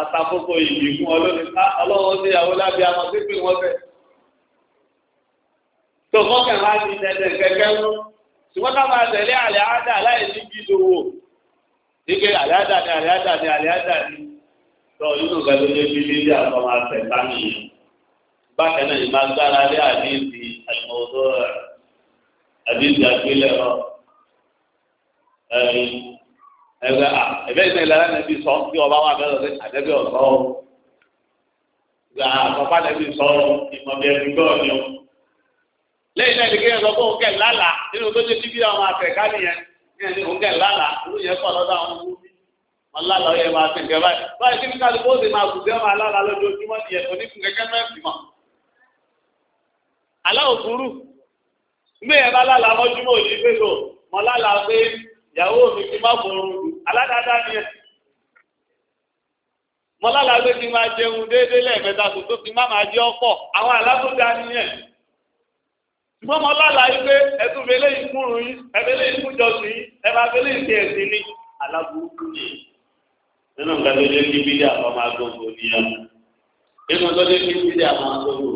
àtàkókò ìlú fún ní ìyàwó àwọn pè tó ìdẹ̀dẹ̀ kẹ̀kẹ́ ṣùgbọ́n ká máa tẹ̀lé àlẹ́ sọ nínú nǹkan tó dé bíbí bí àwọn ọmọ àtẹ sáni yìí bákan náà ìmọ̀ agbára lé àdéhìí àìmọ̀tò àdéhìí àgbélẹ̀ rọ ẹgbẹ́ à ẹgbẹ́ ìgbẹ́ ìlànà nàbí sọ bí ọba wà bẹ́ẹ̀ lọ́sẹ̀ àdẹ́bí ọ̀sọ́ gba àkọ́kọ́ àdẹ́bí sọ ìmọ̀ bí ẹbí gbọ́ ni o lẹ́yìn náà nìkan yẹn sọ fún òun kẹ̀ lálàá nínú tó dé bíbí àwọn àtẹ̀ká nìyẹn ní ẹni òun kẹ̀ aláàlọ́ yẹ máa ti gẹ̀ báyìí báyìí tí nígbà tó ṣe máa gùn gẹ́mà alára lójoojúmọ́ ni ẹ̀kọ́ ní fún kẹ́kẹ́ mẹ́fì mọ́. aláwọ̀ burú ilé ẹ̀ bá lálà mọ́júmọ́ òní pé lò mọ́ lálà pé ìyàwó mi ti má borun lù aládàáda ni ẹ̀. mọ́ lálà pé kí n máa jẹun déédéé lẹ́ẹ̀mẹ́ta tó tó ti má máa jẹ ọ̀pọ̀ àwọn alábòdà ni ẹ̀. ṣùgbọ́n mọ́ lálà yìí pé ẹ̀tún fẹ́lẹ́ yìí ẹ̀fẹ́lẹ́ ìkújọsìn nínú nǹkan tó dé kí bídí àwọn máa gbogbo níyà nínú tó dé kí bídí àwọn máa gbogbo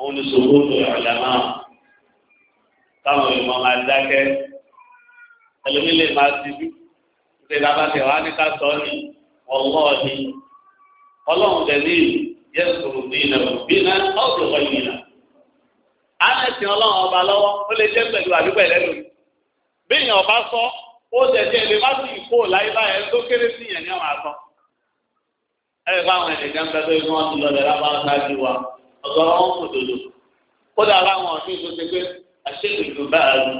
òun ni sòwò tó ìrọ̀lẹ́ náà táwọn ìmọ̀ máa dákẹ́ ẹlòmí lè máa ti bí ṣe dábàá tẹ̀ wá ní ká sọ ní ọ̀wọ́ ni ọlọ́run tẹ̀lé yẹ́sùn ní ìnáwó bí iná ọ̀dọ̀ wọ̀ náà á lẹ́sìn ọlọ́run ọba lọ́wọ́ ó lè jẹ́ pẹ̀lú àdúgbò ẹ̀lẹ́nu bí ọba sọ ó tẹ̀sí ẹ̀lẹ́ bá sì kó láyé báyẹn tó kéré sí yẹn ní àwọn àtọ́. ẹ bá àwọn ẹ̀dẹ̀ kan tẹ́tọ́ ìfún wọn ti lọ lẹ́la bá ṣáájú wa ọ̀gá wọn kò dòdò. kódà láwọn ọ̀sìn tó ṣe pé àṣẹ́lẹ̀ ìlú bá a lù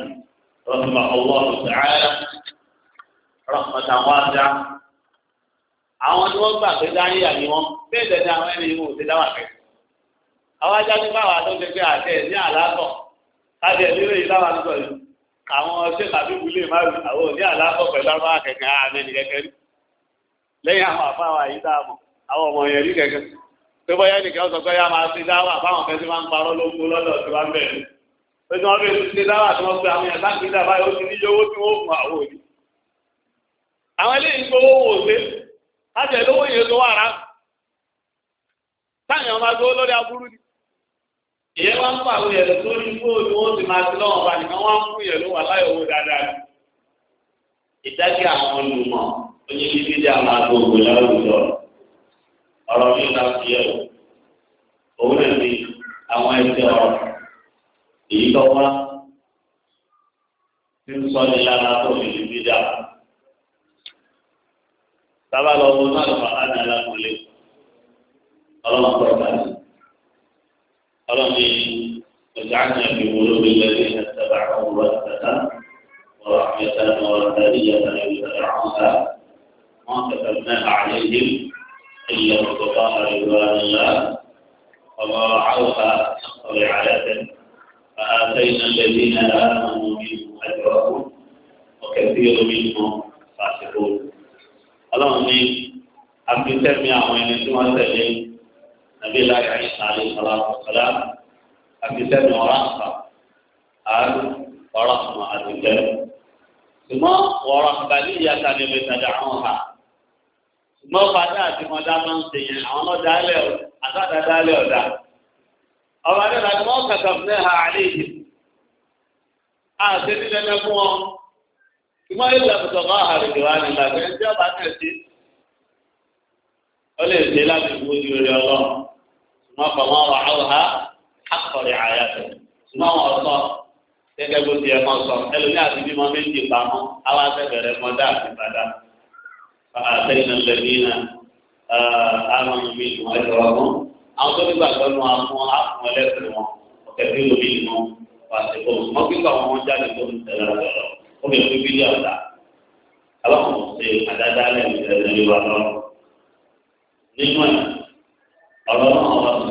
ọwọ́ ọ̀sàáyà rọ̀mọ̀tà wọn àwọn tí wọ́n gbà pé dáníyà ni wọ́n bẹ́ẹ̀ dẹ̀ àwọn ẹni ìwọ̀n ti dáwà pẹ́. àwọn ajá àwọn ọṣẹ tàbí ìwúlé márùn àwọn òní àlàkọ pẹ̀lú àwọn akẹkẹ àmì ẹnì kẹkẹ rí lẹ́yìn àwọn àfáwà yìí dáàbò àwọn ọmọ yẹn rí kẹkẹ tó bọ́yá nìkan sọ pé yá máa ṣe dáwà fáwọn fẹ́ sí máa ń parọ́ ló ń kó lọ́dọ̀ tí wọ́n bẹ̀rẹ̀ pé tí wọ́n fi ṣe dáwà tí wọ́n pe àwọn yẹn láti dá báyìí ó ti níjọ owó tí wọ́n fún àwọn òní. àwọn eléyìí gbowó wò ṣe láti ẹ̀lówó yẹn tó wà rà táyà máa gbowó lórí aburú ni ìyẹn wá ń kó àwọn èèyàn tó ní fóònù ó sì máa ti lọ́wọ́ balẹ̀ kan wá ń kó èèyàn ló wà láyọ̀ owó dáadáa ni. ìdájọ́ àwọn olùmọ̀ oní bíbí dí àwọn agbóògbò láwùjọ ọ̀rọ̀ mi ta fi yẹ̀ òun náà ni àwọn ẹgbẹ́ ọ̀rọ̀ èyí tó wá tí ń sọ ní lára tó ní bíbí dá. sábà lọ wo náà lọ́wọ́ á ní alákùnrin ọlọ́run tó ta ní. ربي واجعلنا في قلوب الذين اتبعهم رأفة ورحمة وثانية يتبعونها ما كتبناها عليهم إلا ابتغاء رضوان الله وما رعوها حق رعايته فآتينا الذين آمنوا منهم أجرهم وكثير منهم فاسقون. اللهم أبي سمي أمين ثم سليم nàbí láyé àyíṣà àlè sàlámù sàlámù àbísẹ́nu ọ̀ràǹfà àlù ọ̀ràǹfà àbísẹ́nu. ṣùgbọ́n ọ̀ràǹfà ní ìyàtà ni mo ìtajà àwọn ha. ṣùgbọ́n fàdé àti mọ̀dá máa ń ṣe yẹn àwọn ọ̀dà alẹ́ àtàdà dálẹ̀ ọ̀dà. ọ̀rọ̀ adé làdí wọ́n kàkà fún ẹ̀ha àlẹ́ yìí. a ṣe ní dandan fún ọ. ṣùgbọ́n ilé ìlàkùtọ̀ bá wọn fọmọ ràáwá akọ rìáyà tó ṣùgbọ́n wọn sọ gẹ́gẹ́ bó ti yẹ kán sọ ẹlòmí àti bímọ méjì pamọ́ àwọn akẹ́bẹ̀rẹ̀ mọ́dá àti bàdá àtẹ̀yìnà lẹ́mìnà àwọn mi ìmọ̀ ẹ̀jọ̀ ọ̀gbọ́n àwọn tó nígbà tó nu àwọn àfọ̀n ẹlẹ́sìn wọn ọ̀kẹ́ tí lómi ìmọ̀ pàṣẹkọ̀ wọn kíkọ̀ àwọn wọn jáde tó ń tẹ̀lé ọ̀rọ̀ ó lè fi bílíọ̀ dà aláwọ̀ ṣe àdáda lẹ́yìn ìrẹ̀lẹ̀ wa lọ nínú ẹ̀ ọ̀rọ̀ náà wọ́n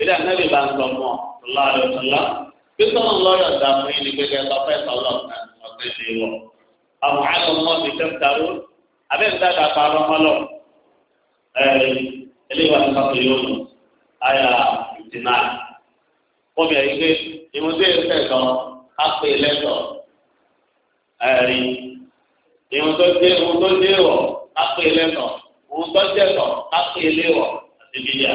ilé ànábì bá ń sọ mọ́ ọláàrẹ ọ̀tọ̀lá bí sọ́nà lọ́yọ̀ dà fún yín ní gbẹgẹ lọ́fẹ́ sọ́lọ́ ọ̀tẹ̀ lè wọ̀. àwọn àlọ́ mọ́ ti tẹ́ taró abẹ́ ìta dà pa ọmọ lọ. eléwà ní sọ́kè yóò lọ àyà fifty fún mi àyè pé ìmúdé ìfẹ́ kan á pè lẹ́tọ̀ ẹ̀rí ìhun tó dé ìhun á pè lẹ́tọ̀ ìhun tó dé á pè léwọ̀ àti bíyà.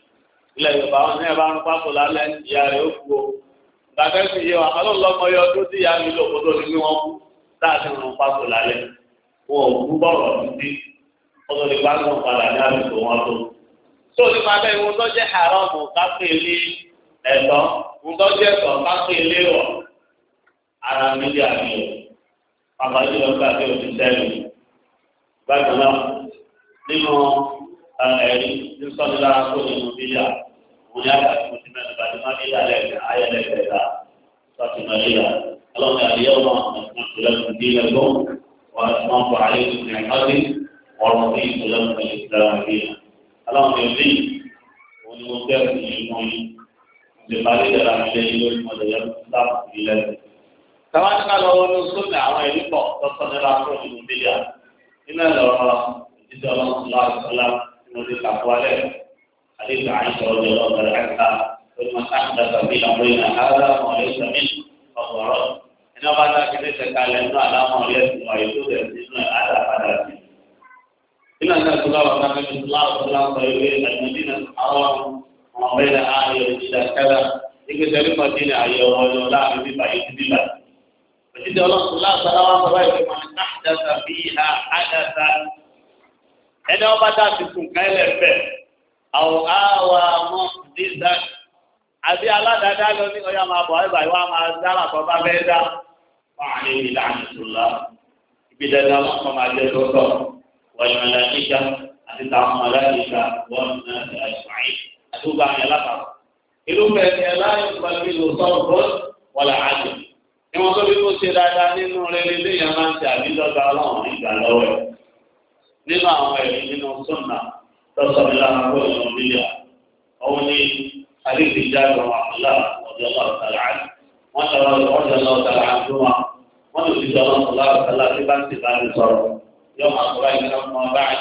ilẹ̀ yorùbá wọn ní ẹ̀bá ń pápò lálẹ́ ìyá rẹ̀ ó kú o gbàgbẹ́ fi yé wa ọlọ́lọ́mọ yọ tó ti yá mi lò kó tó ní bí wọ́n kú láti rún pápò lálẹ́ wọn ò kú bọ̀rọ̀ títí ọdún ní bá gbọ̀n padà ní àdúgbò wọn tó. tó ní ma bẹ́ẹ̀ wọn tó jẹ́ haramu káfí ẹ̀tọ́ wọn tó jẹ́ ẹ̀tọ́ káfí ilé ara mi di àmì o bàbá yìí lọ gbà pé ولا تكون بعد ما إلى لك آية لك فاطمة إلى اللهم اليوم أكملت لكم دينكم وأتممت عليكم نعمتي ورضيت لكم الإسلام دينا اللهم يرضي ونوكل المؤمنين بقالي ترى إليه المدير صاحب إليه كما قال هو نصر على يبقى تصدر عقل المبيع إن الله إذا الله صلى الله عليه وسلم نزل أقواله حديث عائشة رضي الله تعالى عنها ثم أحدث في أمرنا هذا ما ليس منه فهو رد إن بعد كذلك قال إنه على ما ليس ما يجوز إنه على هذا إن أن الله وكان من الله وسلم طيبين المدينة الحرام وما بين آية إلى كذا إذا تلك مدينة أي ولا من بعيد بلا فجد الله صلى الله عليه وسلم من أحدث فيها حدثا إن بعد كذلك قال àwọn àwọ̀ àwọn dídá àbí aládàáda lọ ní ọyá máa bọ̀ ẹ̀bà ìwà máa dára kọ́ bá bẹ́ẹ̀ dá láàrin ìlà àdìsúlá ibi dandan wọn kọ́ máa jẹ́ tó tọ̀ wọ́n yọ̀ ọ́nà níjà àti táwọn ọ̀làdìsá wọ́n nà ẹ̀ṣọ́yìn àti ó bá yẹn lápapọ̀. ìlú bẹ̀rẹ̀ ẹ̀ láyé pẹ̀lú ìlú sọ́ọ̀rọ̀ wọlé tó bí kó ṣe dáadáa nínú rere léèyàn máa ń ṣe àbídọ́gba ọlọ́run ìgbà lọ́wọ́ nínú àwọn ẹ̀rí nínú sọ́nà tọ́sọ̀ mi lára kó ìlú nílẹ̀ ọ̀hún ní àdéhùn ìjáàgbọ̀n àbúlá ọ̀dọ́ ọ̀tàlá wọ́n tọrọ ọ̀dọ́ ọ̀tàlá àdúrà wọ́n lò sí ọ̀dọ́ ọ̀tàlá ọ̀tàlá يوم أقرأ كلام ما بعد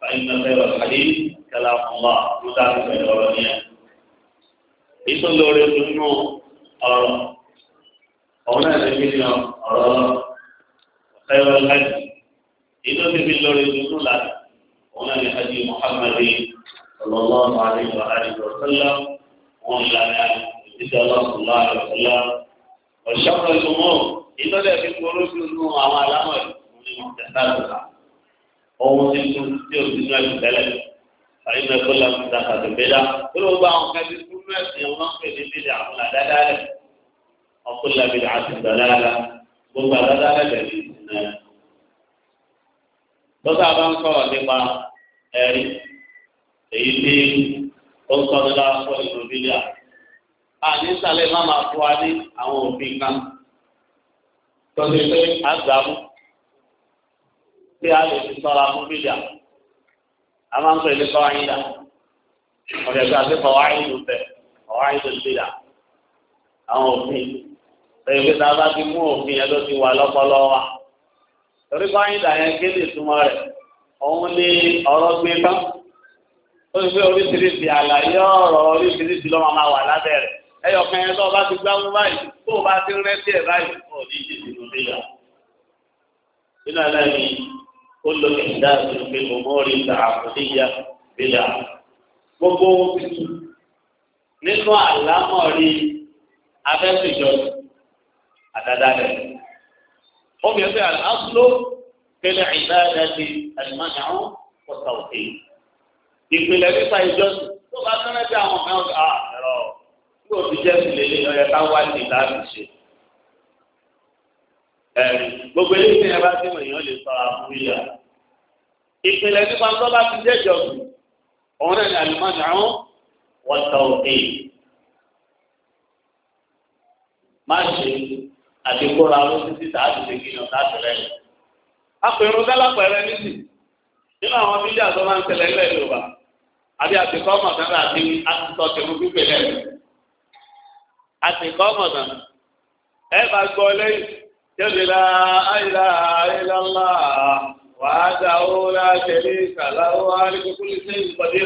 فإن خير الحديث كلام الله مدافع الأولانية ìsọ̀n lórí nínú ọ̀rọ̀ ọ̀hún náà ti fi ọ̀rọ̀ ọ̀rọ̀ ọ̀rọ̀ láti ومن هدي محمد صلى الله عليه وآله وسلم ومن لنا إذا الله صلى الله عليه وسلم وشر الأمور إذا لا تقولوا سنوا أو علامة من محدثاتها أو من تنسير بنا البلد فإن كل محدثة بدعة كل بعض قد يكون ينقل بدعة ولا دلالة وكل بدعة دلالة وكل دلالة في الناس lọ́sà bá ń sọ̀rọ̀ nípa ẹ̀rí èyí tí ó ń sọdún lásán ìlú bílíà a ní sàlẹ̀ má máa fún wa ní àwọn òfin kan tọ́jú pé àgbàmú tí a lè fi sọ́ra fún bílíà a máa ń pè ní kọ́wá yín dà ọ̀rẹ́ gba pé kọ́wá yín ló bẹ̀ kọ́wá yín bílíà àwọn òfin tọ́jú pé tá bá ti mú òfin yẹn ló ti wà lọ́pọ̀lọ́ wa torí báyìí làyẹn gé lè túmọ̀ rẹ̀ òun ní ọ̀rọ̀ gbé tán ó ti gbé oríṣiríṣi àlàyé ọ̀rọ̀ oríṣiríṣi lọ́mọ máa wà lábẹ́ rẹ̀ ẹyọ kan yẹn tó o bá ti gbáwó báyìí tó o bá ti rẹ́ sí ẹ̀ báyìí kò ní ìdí ìdìbò léyà. nínú aláìní ó lo ìdá ìdílé òmóòrì ìdààmú níyà léyà gbogbo nínú àlámọ̀rí afẹ́sìjọ àdáda rẹ̀ obìnrin pé aláṣọ tẹlẹ ìbáradàdì àlùmọ́nìyàn kọta òkè ìpìlẹ̀ nípa ìjọsìn tó bá tẹ́lẹ̀ bí àwọn kan á ah, ẹ̀rọ tí òbí jẹ́ ìlélẹ̀ ọ̀yẹ́ ká wá ní ìlànà ìṣe. ẹ̀rí gbogbo eléyìí ni ẹ bá tí èèyàn lè sọ àbúrò yà ìpìlẹ̀ nípa tó bá ti jẹ́ ìjọsìn òun náà ní àlùmọ́nìyàn kọta òkè. má ṣe àti kóra ló títí tá a ti a ti rẹ̀. apẹ̀rù gálápẹ̀rẹ̀ nínú àwọn bíjà tó máa ń tẹ̀lé ilẹ̀ yorùbá àbí àtìkọ́ mọ̀tánà àti àtìkọ́ tẹ̀mú pípẹ́ lẹ́nu. àtìkọ́ ẹ bá gbọ́ lẹ́yìn la dà ó la kàlá ó ní kókó ní sẹ́yìn ìpàdé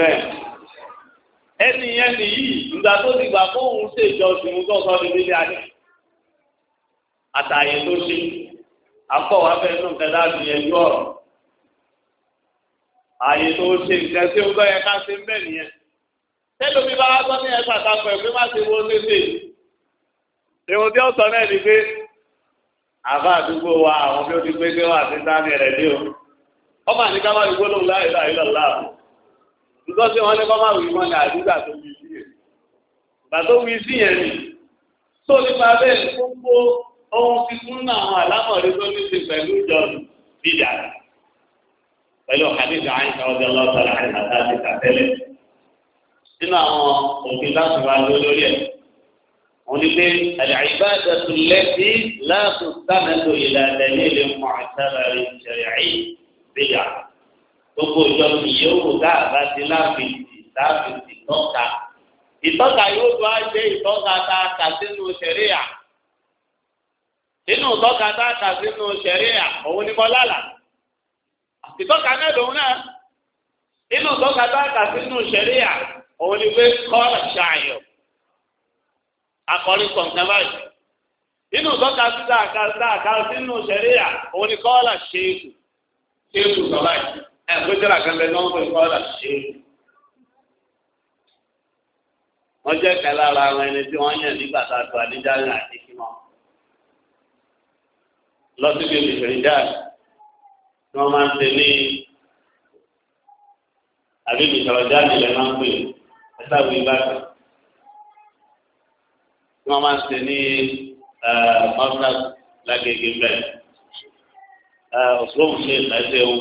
rẹ̀. ẹni yẹn nìyí ìgbà tó ti gbà kó òun ṣe ìjọsìn tó sọ ní bíbí adé àtàyè tó ṣe akọwà fẹ nù kẹdà ní ẹjọ ọ̀rọ̀ àyè tó ṣe nǹkan tí ó gbọ́yẹ ká ṣe mbẹ nìyẹn tẹlomi bá wá gbọ́ ní ẹgbà takọ ẹgbẹ́ má ṣe wọ́n ṣẹṣẹ ìwọ̀n tí ó sọ náà ni pé àbá àdúgbò wa àwọn bí ó ti gbé gbé wà sí sáà ní ẹ̀rẹ̀ ní o ọmọ àníkàwá ìgbólóhùn láìláìlọ́lá àbò ṣùgbọ́n sí wọn ní kọ́ máa wí wọn ní àdúgbà tó wí sí yẹn ìgbà tó wí sí yẹn ni tó nípa bẹ́ẹ̀ gbogbo ohun ti kún náà àwọn àlámọ̀rí tó ní ti pẹ̀lú ìjọba bídà pẹ̀lú ọ̀kadìsì àyíká ọjọ́ ọlọ́sọ̀rọ̀ àyíká láti tàtẹ́lẹ̀ nínú àwọn òfin láti wá lé lórí ẹ̀ wọ́n ní pé àdàgbàdà tó lẹ́sí láàtúntàmẹ́tò ìlànà ilé mọ̀ àtàlà ìṣẹ̀rẹ̀ àyè bídà. gbogbo ìjọ mi yòówù dáàbá ti láàfin ìdáàfin ìtọ́ka ìtọ́ka yóò tó á ìtọ́ka tá a kà sínú sẹ̀ríà sínú ìtọ́ka tá a kà sínú sẹ̀ríà òun ni kọ́ ìtọ́ka náà lòun náà ìtọ́ka tá a kà sínú sẹ̀ríà òun ni pé ṣàyọ̀ akọrin kọ̀ǹkan báyìí ẹ gbẹdẹrẹ àkànbẹ ní wọn fẹẹ kọlá ṣe wọn jẹ kẹlẹ ara àwọn ẹni tí wọn yàn nígbà tá a tó àdíjà ní àdékìmọ lọ síbi olùfẹ̀yìndà ni wọn máa ń tẹ ní àbí ìṣọ̀rọ̀jà nílẹ̀ máa ń pè ẹ sáwọ ìbátan ni wọn máa ń tẹ ní mọ́tàlá lágbègbè bẹ́ẹ̀ òṣùwọ̀n ṣe ìlẹ́sẹ̀ wọn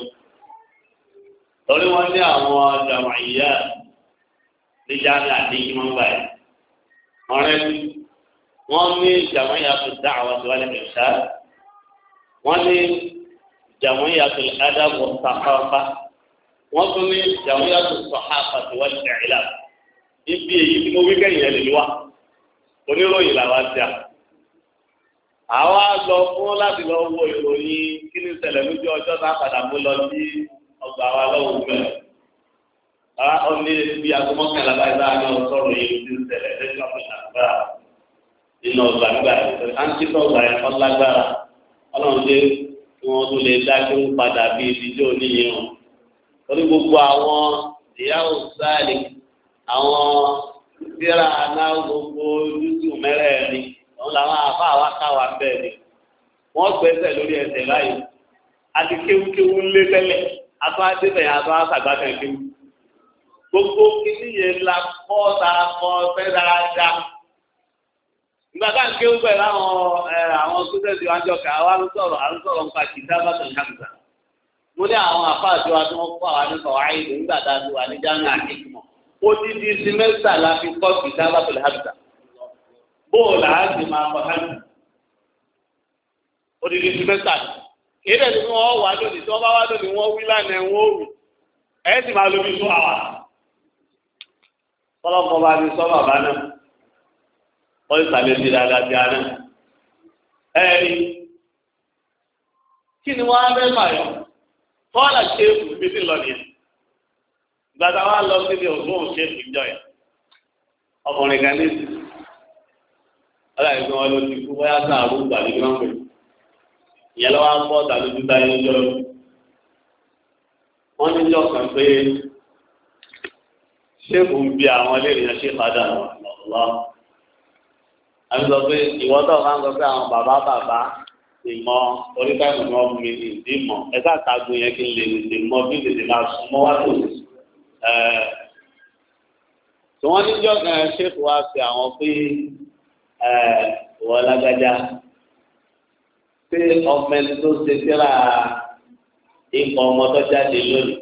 torí wọ́n ní àwọn ọ̀dàmọ̀ ìyá níjà ní àdéhìí máa ń gbà yìí. ọ̀rẹ́ wọ́n ní ìjàmọ́ yàtọ̀ dá àwọn tó wà lẹ́nu ìṣá. wọ́n ní ìjàmọ́ yàtọ̀ adábọ̀ sàkọ́fà. wọ́n tún ní ìjàmọ́ yàtọ̀ sọ̀háfà tó wà lẹ́nu ibi èyí tí mo wí kẹ́yìn ẹ̀ lè oníròyìn làwọn ti à àwa lọ fún láti lọ wo ìròyìn kí ni ṣẹlẹ̀ lójú ọjọ́ náà padà mú lọ sí ọgbà wa lọ́wọ́ mẹ́. a ó ní bí aago mọ́kànlá báyìí láàánú sọ̀rọ̀ yìí ti ń tẹ̀lé lẹ́yìn ọ̀gbìn àgbà nínú ọgbà nígbà yìí. à ń kíkọ́ ọgbà yẹn kọ́ lágbára ọlọ́run dé kí wọ́n tún lè dá kí wọ́n padà bí ìdíjọ́ oníyẹn o. torí gbogbo àwọn ìyáwó sáàlì àwọn síra náà gbogbo ojútùú mẹ́rẹ̀ẹ̀rin òun làwọn àbá wa bẹ́ẹ̀ ni wọ́n gbẹ́sẹ̀ lórí ẹsẹ̀ láyé àti kéwúkéwú ńlé tẹ́lẹ̀ atọ́ adébẹ̀ atọ́ asàgbà kẹ̀kẹ́ gbogbo kìíní yẹn la kọ́ tara kọ́ fẹ́ dáadáa ìgbà ká nké wúgbẹ́ láwọn àwọn sódẹ́sì wájú ọkà wa ń sọ̀rọ̀ à ń sọ̀rọ̀ nípa kìtá bàtà kàmìtà mo ní àwọn àfáàjọ wa tí wọ́n kọ́ àwọn nípa wàá ìlú nígbà tá a ti wà ní jáńgà àkíkùmọ̀ ó ti di simẹ́sítà la fi kọ́ kìtá bàtà kàmìtà bóòlù àá sì máa kọ́ kàmìtà ó ti di simẹ́sítà ìdẹ̀ ni wọ́n wà lónìí tí wọ́n bá wá lónìí wọ́n wí lánàá wọ́n wì ẹ̀ sì máa lóbi bá ní sọ bàbá náà wọ́n ìsàlẹ̀ sí dáadáa sí aná. ẹ̀rí kí ni wọ́n á bẹ́ẹ̀ máa yọ fọ́ọ̀lá sí lọ síbi ògbóhùn ṣéèkù jọ yẹn ọkùnrin kan ní ọlọ́run ló ti kú wáyà sáà rúgbà ìyẹn lọ́wọ́ ń bọ́ tàlójú táyé lọ́jọ́ wọ́n ní jọ kàn pé ṣéèkù ń bi àwọn eléyìí ṣe padà lọ́wọ́ àmì sọ pé ìwọ́n tó máa ń sọ pé àwọn bàbá bàbá ìmọ̀ oríkàmù ni wọ́n mi ní ìdímọ̀ ẹ sáàtàgùn yẹn kí n lè lè mọ bí lè lè máa súnmọ́ wá tó ẹ̀ tí wọ́n ní jọ kàn ṣéèkù wá sí àwọn pé ẹ̀ ìwọ́n lágbájá pé ọmọ ẹni tó ṣe síra ipò ọmọ tó jáde lónìí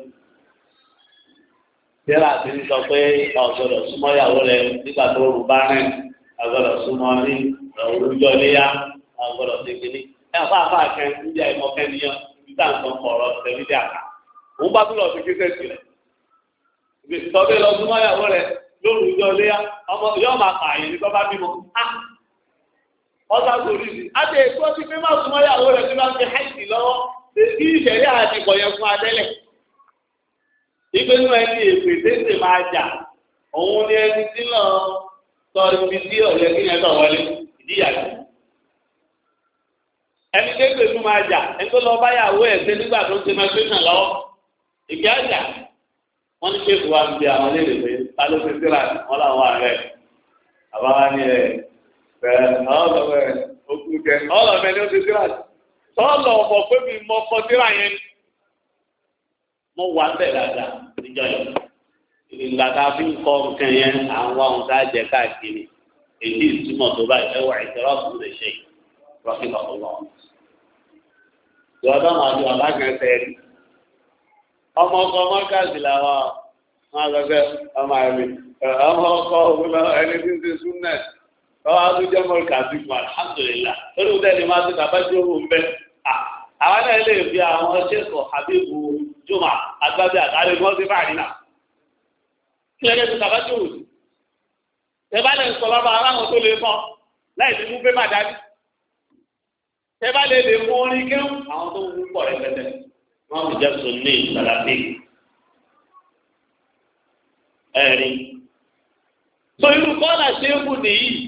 síra ti ń sọ pé ọ̀gbọ́dọ̀ súnmọ́ ìyàwó rẹ nígbà tó rù bá rìn ọ̀gbọ́dọ̀ súnmọ́ ní ọ̀rọ̀lójọ́ léyà ọ̀gbọ́dọ̀ ṣègbè ẹ fà fà kẹ níbi àìmọ̀ kẹ́niyàn nígbà tó ń kọ̀ọ̀rọ̀ tẹ̀lé àká òun bá tún lọ sí kíkẹ́ sí rẹ̀ ìgbésí tọ́gbẹ́ lọ súnmọ́ ìyàwó rẹ lórí ìjọ léyà ọmọ yóò máa pààyàn tọ́ ọba sórí mi àti èkó ti fi máa súnmọ́ ìyàwó rẹ̀ tí máa ń fi hẹ́ẹ̀tì lọ́wọ́ kí ìṣẹ̀lẹ̀ àti ìkọ̀yẹ̀ fún adẹ́lẹ̀ ìgbénu ẹni èpè tètè máa jà òun ni ẹni tí náà sọ̀rọ̀ ibi tí ọ̀rẹ́ kí yẹn tọ̀ wọlé ìdíyàwó ẹni tètè tún máa jà ẹni tó lọ báyàwó ẹ̀ ṣe nígbà tó ń ṣe máa gbéṣàn lọ́wọ́ ìgbé àjà wọ́n ní kéèkù wa ń bi àwọn léèrè pé ta ló fi síra wọn làwọn ààrẹ àbáwá ní ẹ̀ All Sọ́ọ̀lọ̀ ọ̀pọ̀ pé mi mọ ọkọ síra yẹn. Mo wà bẹ̀ dáadáa níjọ yẹn. Ìlànà fi ń kọ nǹkan yẹn àwọn ohun tá a jẹ káàkiri. Èyí ìtumọ̀ tó bá ìfẹ́ wà ìtẹ́rọ̀ fún lè ṣe ìrọ̀kí lọ́kọ̀lọ́. Ìwọ́dọ̀ máa di ọ̀la kan sẹ́ẹ̀rì. Ọmọ ọkọ mọ́kàsí làwọn máa lọ bẹ́ẹ̀ ọmọ àmì. Ọmọ ọkọ òun ẹni tí ń ṣe tọ́wọ́ adújọ́ mọ́ kàdúgbò alhamdulilá lórí wúdẹ́ ni máa tún bàbá tí ó wù ń bẹ́ àwọn náà lè fi àwọn ṣẹ́kọ̀ habibu jùmọ̀ agbábẹ́ àtàrí mọ́sí báyìí náà kí lẹ́yìn tó bàbá tí ó wù sí. tẹ́bá lè sọ lọ́ba aláwọ̀ tó lè mọ́ láì fi mú pépà dání. tẹ́bá lè lè mú orin kéwù àwọn tó wù pọ̀ rẹpẹtẹ wọ́n fi jẹ́ sùn ní ìsàlàfé. ẹ̀rín. sọ irú kọ́là ṣéwù nìyí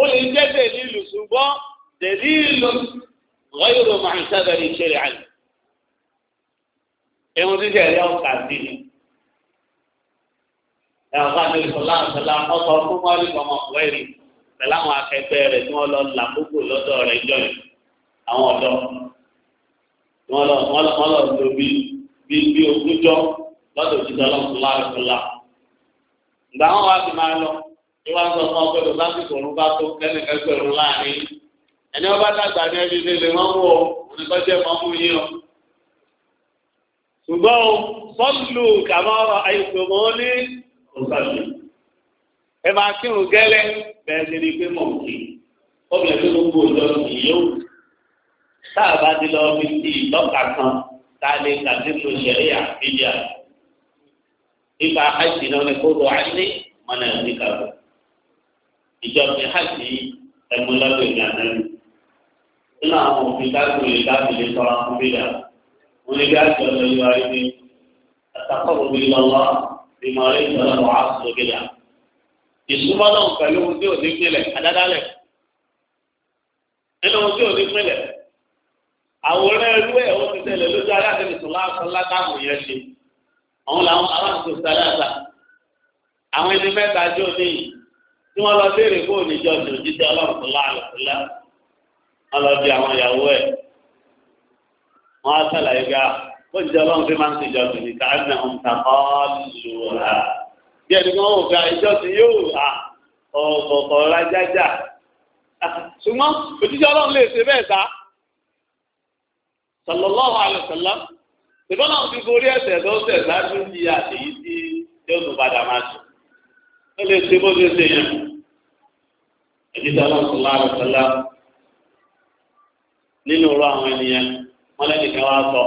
ó lè jẹ́ dẹ̀lílù ṣùgbọ́n dẹ̀lílù ghayru mu'tabari shar'an. Ewu títí ẹ̀rí ọ̀kà sí ni. Ẹ̀ka ní ìfọ̀láǹsọ̀lá ọkọ̀ fún mọ́lì ọmọ ọ̀wẹ́rì pẹ̀lú àwọn akẹgbẹ́ rẹ̀ tí wọ́n lọ là gbogbo lọ́dọ̀ rẹ̀ jọ àwọn ọ̀dọ́. Wọ́n lọ lọ bí bí bí lọ́dọ̀ òjijì ọlọ́mùsọ̀lá ìfọ̀lá. Ìgbà wọn wá sí máa lọ ìwà ń sọ fún ọgbẹ́dọ̀ lásìkò òun bá tó lẹ́nu ẹgbẹ̀rún láàrin ẹni wọn bá dàgbà ní ẹbí ilé lè wọ́n mú o òun kọ́ jẹ́ mọ́ mú yín o. ṣùgbọ́n sọ́ọ̀lù kàmọ́rọ̀ àìsòmọ́ ní òṣàlù ẹ máa kírun gẹ́lẹ́ bẹ́ẹ̀ ti di pé mọ̀ kí obìnrin tó gbogbo ìjọ ìyó tá a bá ti lọ fi ti ìtọ́ka kan tá a lè kàdé tó ṣẹlẹ̀ àfíjà nípa àìsàn náà ni kó lọ àìsí mọ́nà ìdíkàwé ìjọsìn hajj ẹmu lọ́dọ̀ ìlú ànábi nínú àwọn òfin káàkiri káàkiri sọ̀rọ̀ fún bíyà wọn ní káàkiri ọ̀dọ̀ yóò wáyé pé àtàkọ́rọ̀ mi lọ́wọ́ bí mo rí ìtọ́lẹ̀ wà á sọ bíyà. ìsúmọ́ náà pẹ̀lú ohun tí ò ní pínlẹ̀ adádálẹ̀ nínú ohun tí ò ní pínlẹ̀ àwòrán ẹlú ẹ̀ ó ti tẹ̀lé lójú aláàbẹ̀rẹ̀ sọ̀lá sọ̀lá táwọn yẹn ṣe àwọn làwọn aláàbẹ̀rẹ̀ sọ̀lá àwọn ẹni mẹ́ta jọ níyì tí wọ́n lọ léèrè bó oníjọ́ ní òjíṣẹ́ ọlọ́run tó láàlú tó lá wọ́n lọ bí àwọn ìyàwó ẹ̀ wọ́n á sàlàyé gá bó oníjọ́ ọlọ́run fi máa ń tìjọ́ sí ní káàdì ọ̀hún tàkọ́ lù wá. bí ẹni kan ò gba ìjọ sí yóò wá ọ̀kọ̀ọ̀kọ̀ rájájà ṣùgbọ́n òjíṣẹ́ ọlọ́run lè ṣe bẹ́ẹ̀ sá sallallahu alaihi wasallam ìbọn náà fi gorí ẹsẹ̀ tó ṣẹ̀ ṣáájú ní àṣeyí tí yóò tún padà máa ṣe ó lè ṣe bó ṣe yẹn ìdíje aláǹsọ̀lá àlùsọ̀lá nínú ọ̀rọ̀ àwọn ènìyàn wọn lẹ́nìkan wá sọ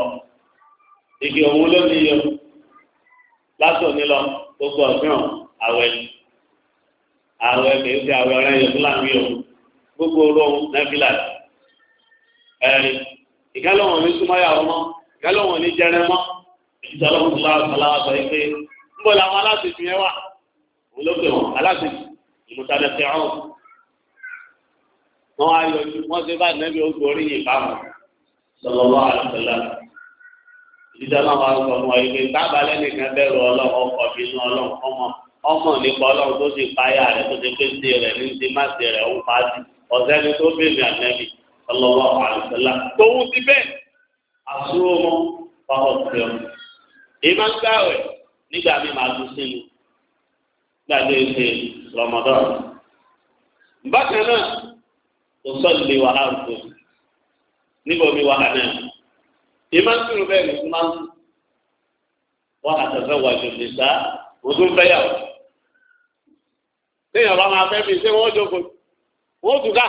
igi òun ló ní iyọ lásò nílọ gbogbo ọ̀sìn àwẹ̀ àwẹ̀ kìí ṣe àwẹ̀ ọ̀rẹ́ yẹn fúlà mí o gbogbo oró nẹ́fìlà ẹ̀rí ìkálọ̀wọ̀n ní súnmọ́yàwó mọ́ ìkálọ̀wọ̀n ní jẹrẹ mọ́ ìdíje aláǹsọ̀lá àlùsọ̀lá sọ pé ń làwọn aláṣẹ fi òun ló pè aláṣẹ ìmúta wọn á yọjú wọn ṣe bá nẹbi ogun orí yìí bá wọn sọlọlọ àtọlá ìdíjà náà wà sọ fún ọ yìí pé tábà lẹ́nìkan bẹ̀rù ọlọ́run ọkọ̀ mi ní ọlọ́run ọmọ ọmọ nípa ọlọ́run tó ti páyà rẹ̀ tó ti pé sí rẹ̀ ní ti má sí rẹ̀ ń pa sí ọ̀sẹ̀ ni tó bèèrè ànẹ́bì sọlọlọ àtọlá tòun ti bẹ́ẹ̀ àsúrò mọ́ pàwọ́ sí ọ ìmọ̀ ń gbàwẹ̀ nígbà mi máa tún sínú gbàdé ṣe rọmọdọ́n bákan náà. òsọ̀lẹ̀ wà á rúkọ níbo mi wà bẹ́ẹ̀ téèyàn bá máa fẹ́ ṣé wọ́n jókòó wọ́n tún ká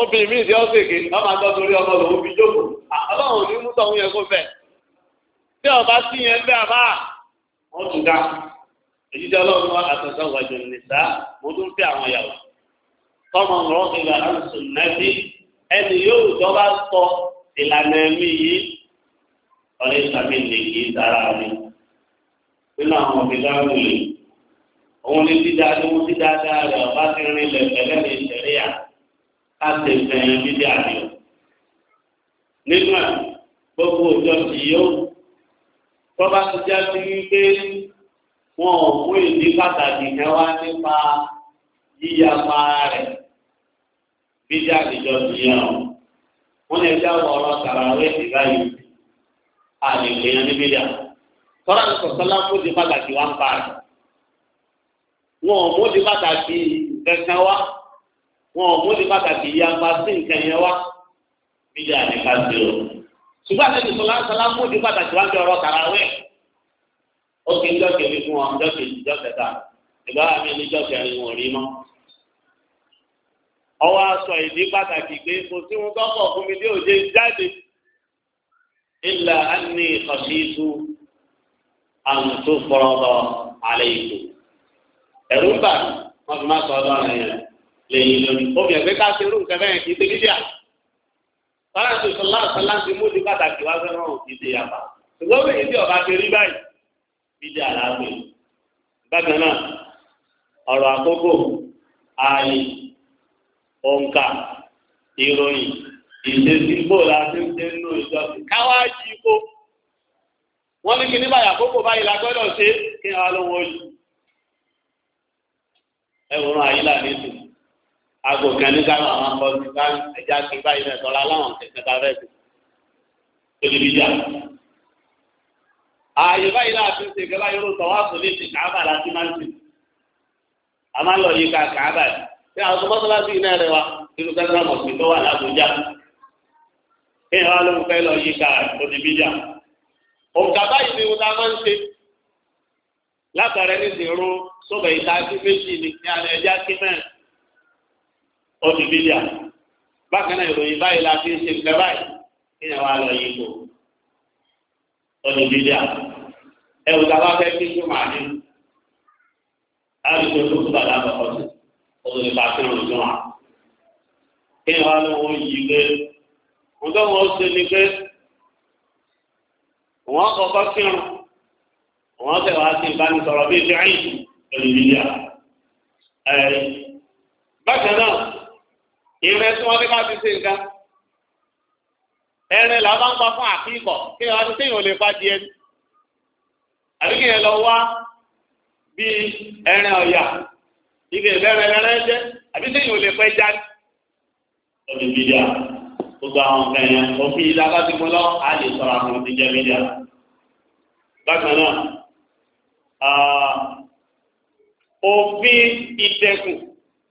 obìnrin mi ìdí ọ̀sẹ̀ orí ọmọ fi jókòó àbáwọn òní mú tọ̀hún yẹn kó fẹ́ tí ọba sí yẹn bẹ́ẹ̀ bá wọ́n tún ká èyí tí ọlọ́run sá fẹ́ àwọn tọmọ ọ̀rọ̀ ìlà àlùsùn nẹ́bí ẹni yóò dọ́gba sọ ìlànà ẹ̀mí yìí ọ̀rẹ́ ìsàmì lè kí dára mi nínú àwọn ọ̀gbìnrin àwọn olè òun ní dídá lówó dídá dáa rẹ̀ ọba ti rìn lẹ̀ pẹ̀lẹ́ ní ìṣẹ̀lẹ̀ yà ká ṣe fẹ̀yìn dídá mi o. nínú ẹ̀ gbogbo òjò sì yóò tọ́ba ti já sí wípé wọn ò mú ìdí pàtàkì kan nípa yíyapa rẹ̀ bíjà àtijọ́ nìyẹn o wọ́n lè dá ọ̀rọ̀ tààrà wẹ́ ti báyìí àlèkò yẹn níbí dà tọ́lá ní sọ̀tọ́lá kó di pàtàkì wá ń pa rẹ̀ wọn ò mú di pàtàkì kankan wá wọn ò mú di pàtàkì yàgbá sí nǹkan yẹn wá bíjà àdìka sí o ṣùgbọ́n àti sọ̀tọ́lá sọ̀tọ́lá kó di pàtàkì wá ń bí ọ̀rọ̀ tààrà wẹ́ ó kí ń jọ́ kejì fún ọ jọ́ kejì jọ́ kẹta ìgbà mi ní jọ́ kẹrin wọn rí mọ́ ọwọ́ aṣọ ìdí pàtàkì pé kò sí wọn tọ́kọ̀ fún mi dé òde jáde ilà ánì ọ̀sìtú àǹtó fọlọ́dọ̀ àlẹ́ ìlú ẹ̀rú ń bà wọ́n fi má sọ ọdọ́ rẹ̀ yẹn lẹ́yìn lónìí ó fi ẹ̀gbẹ́ ká ṣe irú nǹkan bẹ́ẹ̀ kì í ṣe bíbíà fọláṣí sọlá sọlá ti mú di pàtàkì wá fẹ́ràn òkè yàtọ̀ ṣùgbọ́n bí ìdí ọba ti rí báyìí bíbíà làá bákan náà ọ̀rọ̀ àkókò ààyè òǹkà ìròyìn ìṣesí bóòlù àti ṣe ń lò ìjọsìn káwájú ikó wọn ní kí ní báyà àkókò báyìí la gbọ́dọ̀ ṣe kí wọn ló wọ yìí ẹwùrún àyílà nítù aago kan ní káwọn àwọn akọ ní ká ẹja kí báyìí náà tọ́lá láwọn kẹ̀kẹ́ ta fẹ́ sí olùdíjà ààyè báyìí láti ṣe kẹlá yóò sọ wá sọ létí kàábà láti máa ń sè a máa ń lọ yí ká kàábà yìí ṣé àwọn tó mọ́sálásí iná rẹ wa irú central mosque tó wà lábújá kéèyàn wá ló ń fẹ́ lọ yíká òdìbíjà òǹkà báyìí ni wọn ta máa ń ṣe látàrẹ ní zero sọ́bẹ̀ ìta sí méjì ní kí alẹ́ ẹja kí mẹ́rin òdìbíjà bákan náà ìròyìn báyìí la fi ń ṣe nǹkan báyìí kéèyàn wá lọ yípo òdìbíjà ẹ̀wù tá a bá fẹ́ kí tó máa ní alùpùpù tó bàdá bọ̀ ọ̀sẹ̀ ọdún nípa tí wọn tún wà. kí wàá ní wọn yí pé wọn tó wọn ṣe ni pé wọn kọkọ kírun wọn tẹ wàá sí ìbánisọ̀rọ̀ bíi ti àyè pẹ̀lú ìdíyà. bákan náà ìrẹsì wọn ní ká ti ṣe nǹkan ẹrin là bá ń pa fún àkíkọ kí wàá ti sẹ́yìn ò lè pa díẹ̀ àbí kí ẹ lọ wá bíi ẹrin ọ̀yà ibi ìlẹ́rẹ̀ lẹ́rẹ́ jẹ́ àbí sẹ́yìn ò lè pẹ́ já. ọdún bíjà gbogbo àwọn nǹkan yẹn òfin ìlà bá ti mú lọ á lè sọ̀rọ̀ àwọn ti jẹ́ bíjà. bákan náà òfin ìdẹ̀kùn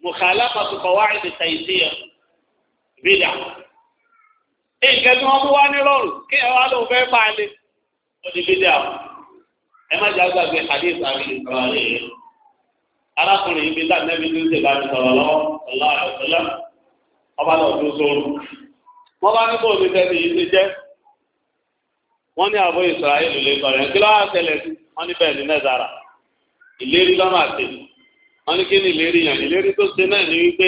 mùkàlá pàtùkọ̀ wá ìdí sàìsì yẹn bíjà. nǹkan tí wọ́n mú wá ní rọrùn kí ẹ wá lóun fẹ́ pàálé ọdún bíjà ẹ má jágbàgbé àdéhùn àbí ìsọ̀rọ̀ àlẹ́ yẹn arákùnrin yìí bí lánàbí tó ń ṣe bá mi sọ̀rọ̀ lọ́wọ́ ọ̀la àdọ̀tọ́lá ọba náà tó sóoru. wọ́n bá ní kó omi tẹ́sí yìí ti jẹ́ wọ́n ní àbọ̀ ìsirayélu lè sọ̀rọ̀ ẹ̀ kí ló wá ṣẹlẹ̀ sí wọ́n ní bẹ́ẹ̀ ní mẹ́sàrà ìlérí lọ́nà àti wọ́n ní kí ni ìlérí yàn ìlérí tó ṣe náà ní wípé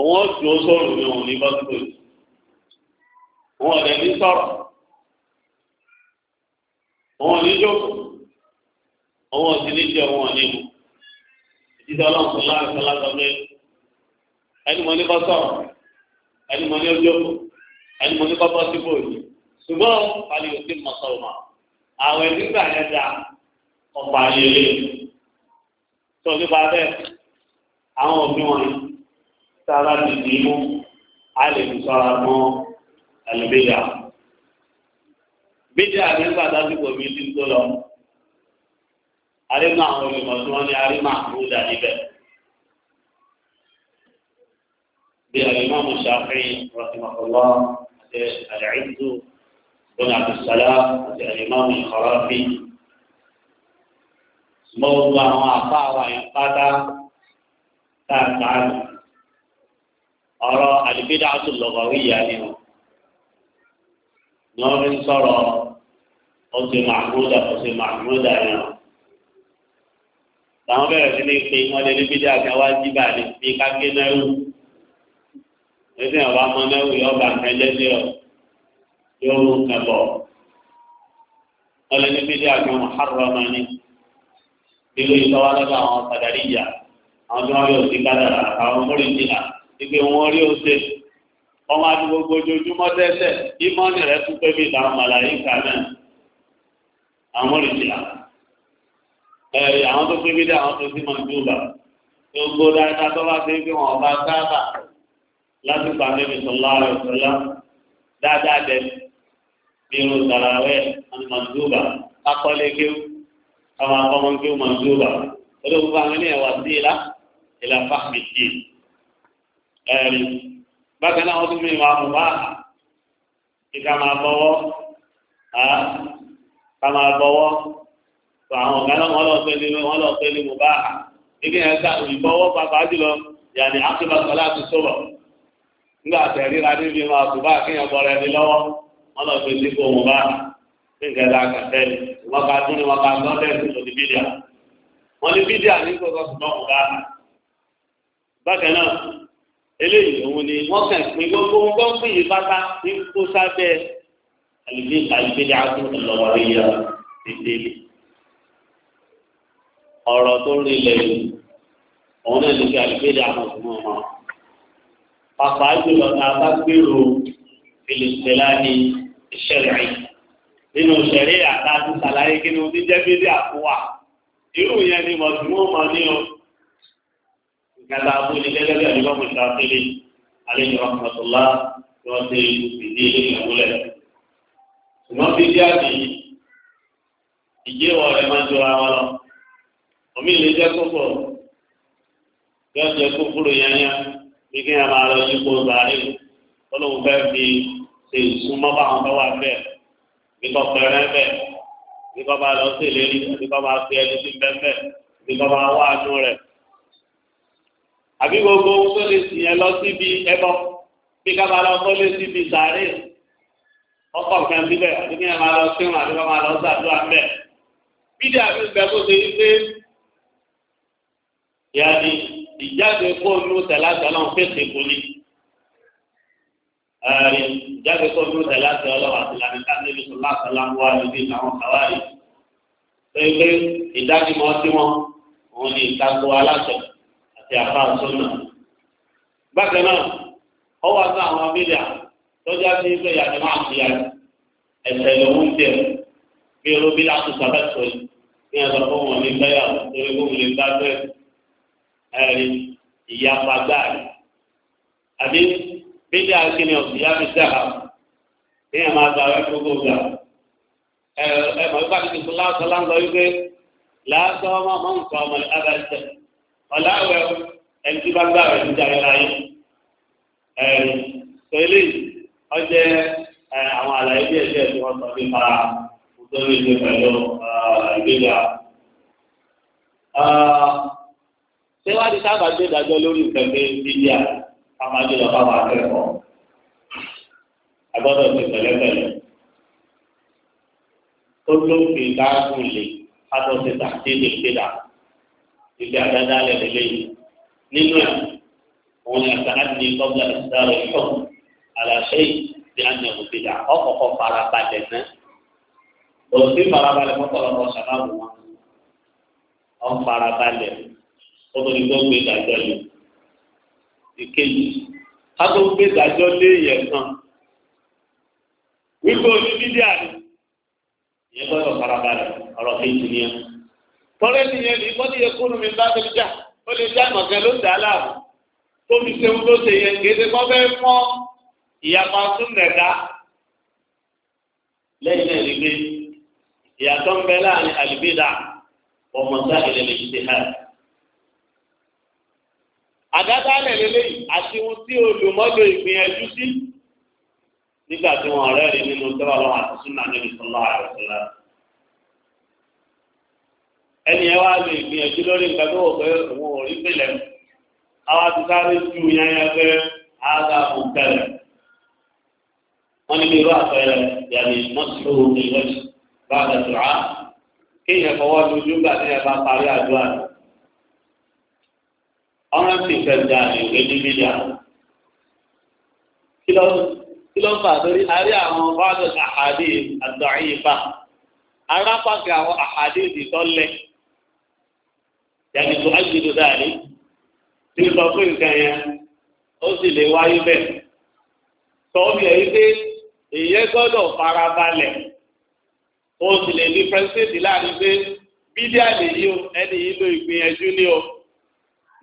òun ó dùn ó sóoru òun ní bọ́sítò yìí òun ọ̀dẹ̀ ní sọ̀rọ̀ ìdíje ọlọ́run tó láàrin tó láàrin ọ̀gbẹ́ ẹni mọ ní kọ́sọ̀ ẹni mọ ní ọjọ́ ẹni mọ ní kọ́sọ̀ sí bòòlì ṣùgbọ́n pali òsì mọ̀sọ̀ọ̀mà àwọn ìdígbà yẹn da ọ̀pọ̀ ayẹyẹ tó nípa bẹ́ẹ̀ àwọn òbí wọn sára ti dì í mú a lè mọ́ ẹlẹ́bíyà bíjà nígbà dájú kò mí ti ń tó lọ arímọ àwọn olùkọ́ tí wọ́n ní arímọ àbúdà níbẹ̀. bí arímọ mùsàfin rọ̀tìmọ̀kọ́lọ́ àti àdàrídù bọ́n àbùsálà àti arímọ mùsàfin. mo gbọ́ àwọn àpá àwọn àyànfátà tá a kà á lò. ọ̀rọ̀ tó lọ́wọ́ wíyà ni o. ní wọ́n fi ń sọ̀rọ̀ ọ̀sẹ̀ màmúdà ọ̀sẹ̀ màmúdà yẹn làwọn bẹ̀rẹ̀ sí ní pé wọ́n lé ní bídí àgbáwá jíbà ní bí káké náírù lẹ́sìn àwọn ọmọ náírù yóò bá nǹkan lẹ́sìn ọ̀ yóò mú nǹkan bọ̀ wọ́n lé ní bídí àgbáwá muharrama ní nílò ìtọ́wá lọ́dọ̀ àwọn sàdáríyà àwọn tí wọ́n rí òsì kádàrà àwọn mórí jìnnà wípé wọ́n rí òsè ọmọ àti gbogbo ojoojúmọ́ tẹ́tẹ́ ìmọ̀ọ́nì rẹ̀ tún pé bí ìtàn màlàyé kàmẹ́ àwọn mórí jìnnà ẹ̀yà àwọn tó pín bí dá àwọn tó sí máa dùn bá gbogbo dáadáa tó bá fi ń fi wọn ọba sábà láti pa níbi sọlá rẹ sọlá dáadáa dẹ bí irun sàràwẹ àti màdùbà akọlé kéwù àwọn akọmọ kéwù màdùbà olóògùn bá wọn ní ẹwà sí ìlà ìlà fáàmì sí ẹrí bákan náà wọn tún fi ìwà àmùbá kíkà máa bọwọ ká máa bọwọ sọ àwọn ọ̀gá náà wọ́n lọ pé ní wọ́n lọ pé ní mo bá a ike yẹn ká òyìnbó ọwọ́ pàpà jùlọ yàní àtúbàtọ̀ láti sọ̀rọ̀ nígbà tẹ̀ríra níbi wọn àtúbà kéèyàn bọ̀rọ̀ ẹni lọ́wọ́ wọ́n lọ pé ní kò mo bá a ní nǹkan tá a kà fẹ́ wọ́n ká tún ní wọ́n ká tún ọ̀dẹ́ ìṣòro ní bídíà wọ́n ní bídíà ní kò sọ̀tún mo bá a bákan náà eléyìí òun ni wọ́n kàn pín gbogbo nǹkan fún yìí pátá ní kó sábẹ́ àlùbí àlùbí ọ̀rọ̀ tó rinlẹ̀ yìí òun náà ní kí àlùfẹ́dẹ àmọ̀túnmọ̀ mọ́. pàpà jùlọ ní abágbèrò fìlìsìlá ní ìṣẹ̀rẹ̀ nínú ìṣẹ̀rẹ̀ àtàkù sàlàyé kí ni ó ti jẹ́ bídí àkúwà irú yẹn ni mọ̀túnmọ̀ mọ́ ní o. ìkàtà abúlé gẹ́gẹ́ bí àdúgbò mọ̀ṣáfílì alẹ́ ìrọ̀mọ̀tòlá tí wọ́n ti fìdí ìlú ṣùgbọ́n bídí àbí ìjẹ́wọ̀ rẹ̀ máa ń jọra wọn lọ omi lè jẹ́ kókó yóò jẹ́ kókóró yányá bí kí ẹ máa lọ sí kó sáré olóhùn fẹ́ fi ṣe ìsúnmọ́ báwọn tó wà bẹ́ẹ̀ bí kò pẹ́rẹ́ bẹ́ẹ̀ bí kò bá lọ sí ìlérí bí kò bá fi ẹni sí bẹ́ẹ̀ bẹ́ẹ̀ bí kò bá wá àánú rẹ̀ àbí gbogbo tó lè sìn yẹn lọ síbi ẹbọ bí ká máa lọ tó lè síbi sáré ọkọ̀ kan síbẹ̀ àbí kí ẹ máa lọ sírun àbí kò máa lọ sàdúrà bẹ́ẹ̀ bí dí àbí ìgbẹ́ tó ṣe wípé yàtì ìjáde fóònù tẹ̀láṣẹ ọlọ́run fèsì kùnì ẹ̀rí ìjáde fóònù tẹ̀láṣẹ ọlọ́run àti lànìkà níbi sọlá sọlámù wa níbi àwọn kàwáyé pépé ìdánimọ̀ tí wọn òun ni ìtako aláṣẹ àti àfa àsọnà bákan náà ọwọ́ àti àwọn abílẹ̀ tọ́jà sí pé yàtì máa fi yàtì ẹ̀sẹ̀ lòún tẹ̀ bí olóbi láti sábẹ́ sọ̀rọ̀ ní ẹ̀sọ́ fún wọn ní gbẹ́yàwó torí kó wọn lè gbá ẹ̀rí ìyapa gbáàrí àbí bídà kíni ọ̀sùn yá mi dára ní ẹ̀ máa gbàwé gbogbo gbà ẹ̀ ẹ̀ mọ̀ nípa títí fún láǹsọ̀ láǹsọ̀ wípé láǹsọ̀ ọmọ ọmọ nǹkan ọmọ ní abẹ́sẹ̀ ọ̀làwẹ̀ ẹni tí bá gbàwé ní jàre láyé ẹ̀rí pẹ̀lú ọjẹ́ àwọn àlàyé díẹ̀ díẹ̀ tí wọ́n sọ nípa nítorí ìgbé pẹ̀lú ìgbéga ṣé di sábà gbé ìdájọ́ lórí ìtẹ̀lé bíbíà àmàjọ lọ́pàá máa kẹ́kọ̀ọ́ agbọ́dọ̀ ti pẹ̀lẹ́pẹ̀lẹ́ tó lófin dáàbò lè kátó ti tà sí ilé ìgbéra ìgbé àdáda lẹ̀ lélẹ̀ yìí nínú ẹ̀ òun ni àgbà láti ní kọ́bílà ìsáré ìtọ́ àlàṣẹ ìdí àná òbílà ọkọ̀ọ̀kọ̀ farabalẹ̀ náà òsì farabalẹ̀ mọ́tọ́lọ́mọ́ sábà wù wọn ọ̀ farabalẹ̀ kótódi tó gbé ìdájọ́ lé ìkejì kátó gbé ìdájọ́ lé yẹn kan wípé oní bídíà ni ìyẹn gbọ́dọ̀ farabalẹ̀ ọ̀rọ̀ kejì ni ẹ tọ́lẹ́ nìyẹn ní bọ́dí yẹ kúrú mi bá tóbi jà ó lè já mọ̀kẹ́ ló dà á láàbù tóbi sẹ́wọ́n ló ṣe yẹn kéde kọ́ fẹ́ mọ́ ìyàpá tún nẹ̀dá lẹ́yìn náà ní pé ìyàtọ̀ ń bẹ láàrin àlùbídà ọmọ sáà ilẹ̀ lè ṣe hàn àdádálẹ̀ lélẹ́yìí àti ohun tí olùmọ́lò ìgbìyànjú sí nígbà tí wọ́n rẹ́ rí nínú tọ́lá lọ́wọ́ àti súnà níbi sọ́lá àrẹ̀sọ́lá. ẹni ẹ wá lè gbìyànjú lórí nǹkan tó wọ̀ pé òun ò rí pìlẹ̀ àwa ti sáré ju yányá pé àga kò tẹ̀lẹ̀. wọ́n ní irú àpẹẹrẹ yàrá mọ́sùlùmí lọ́jọ́ bá a bẹ̀ tó rà kéèyàn fọwọ́ lójú gbà ẹ bá parí àdúrà rẹ̀ ọ̀rọ̀ sì fẹ́ da ìwé níbí yá. kí ló ń fà lórí àrí àwọn fáwọn àhàdì àdọ̀yìn ìfà arápàkì àwọn àhàdì ìtọ́lẹ̀ yàtọ̀ àjùdù dáàrí tí ó sọ fún nǹkan yẹn ó sì lè wáyé bẹ́ẹ̀. sọ mi ẹ̀ wípé èyẹ gbọ́dọ̀ farabalẹ̀ o sì lè ní fẹ́ńsẹ̀tì láàrin pé bídíà lè yí o ẹni yìí ló ìgbìyànjú ní o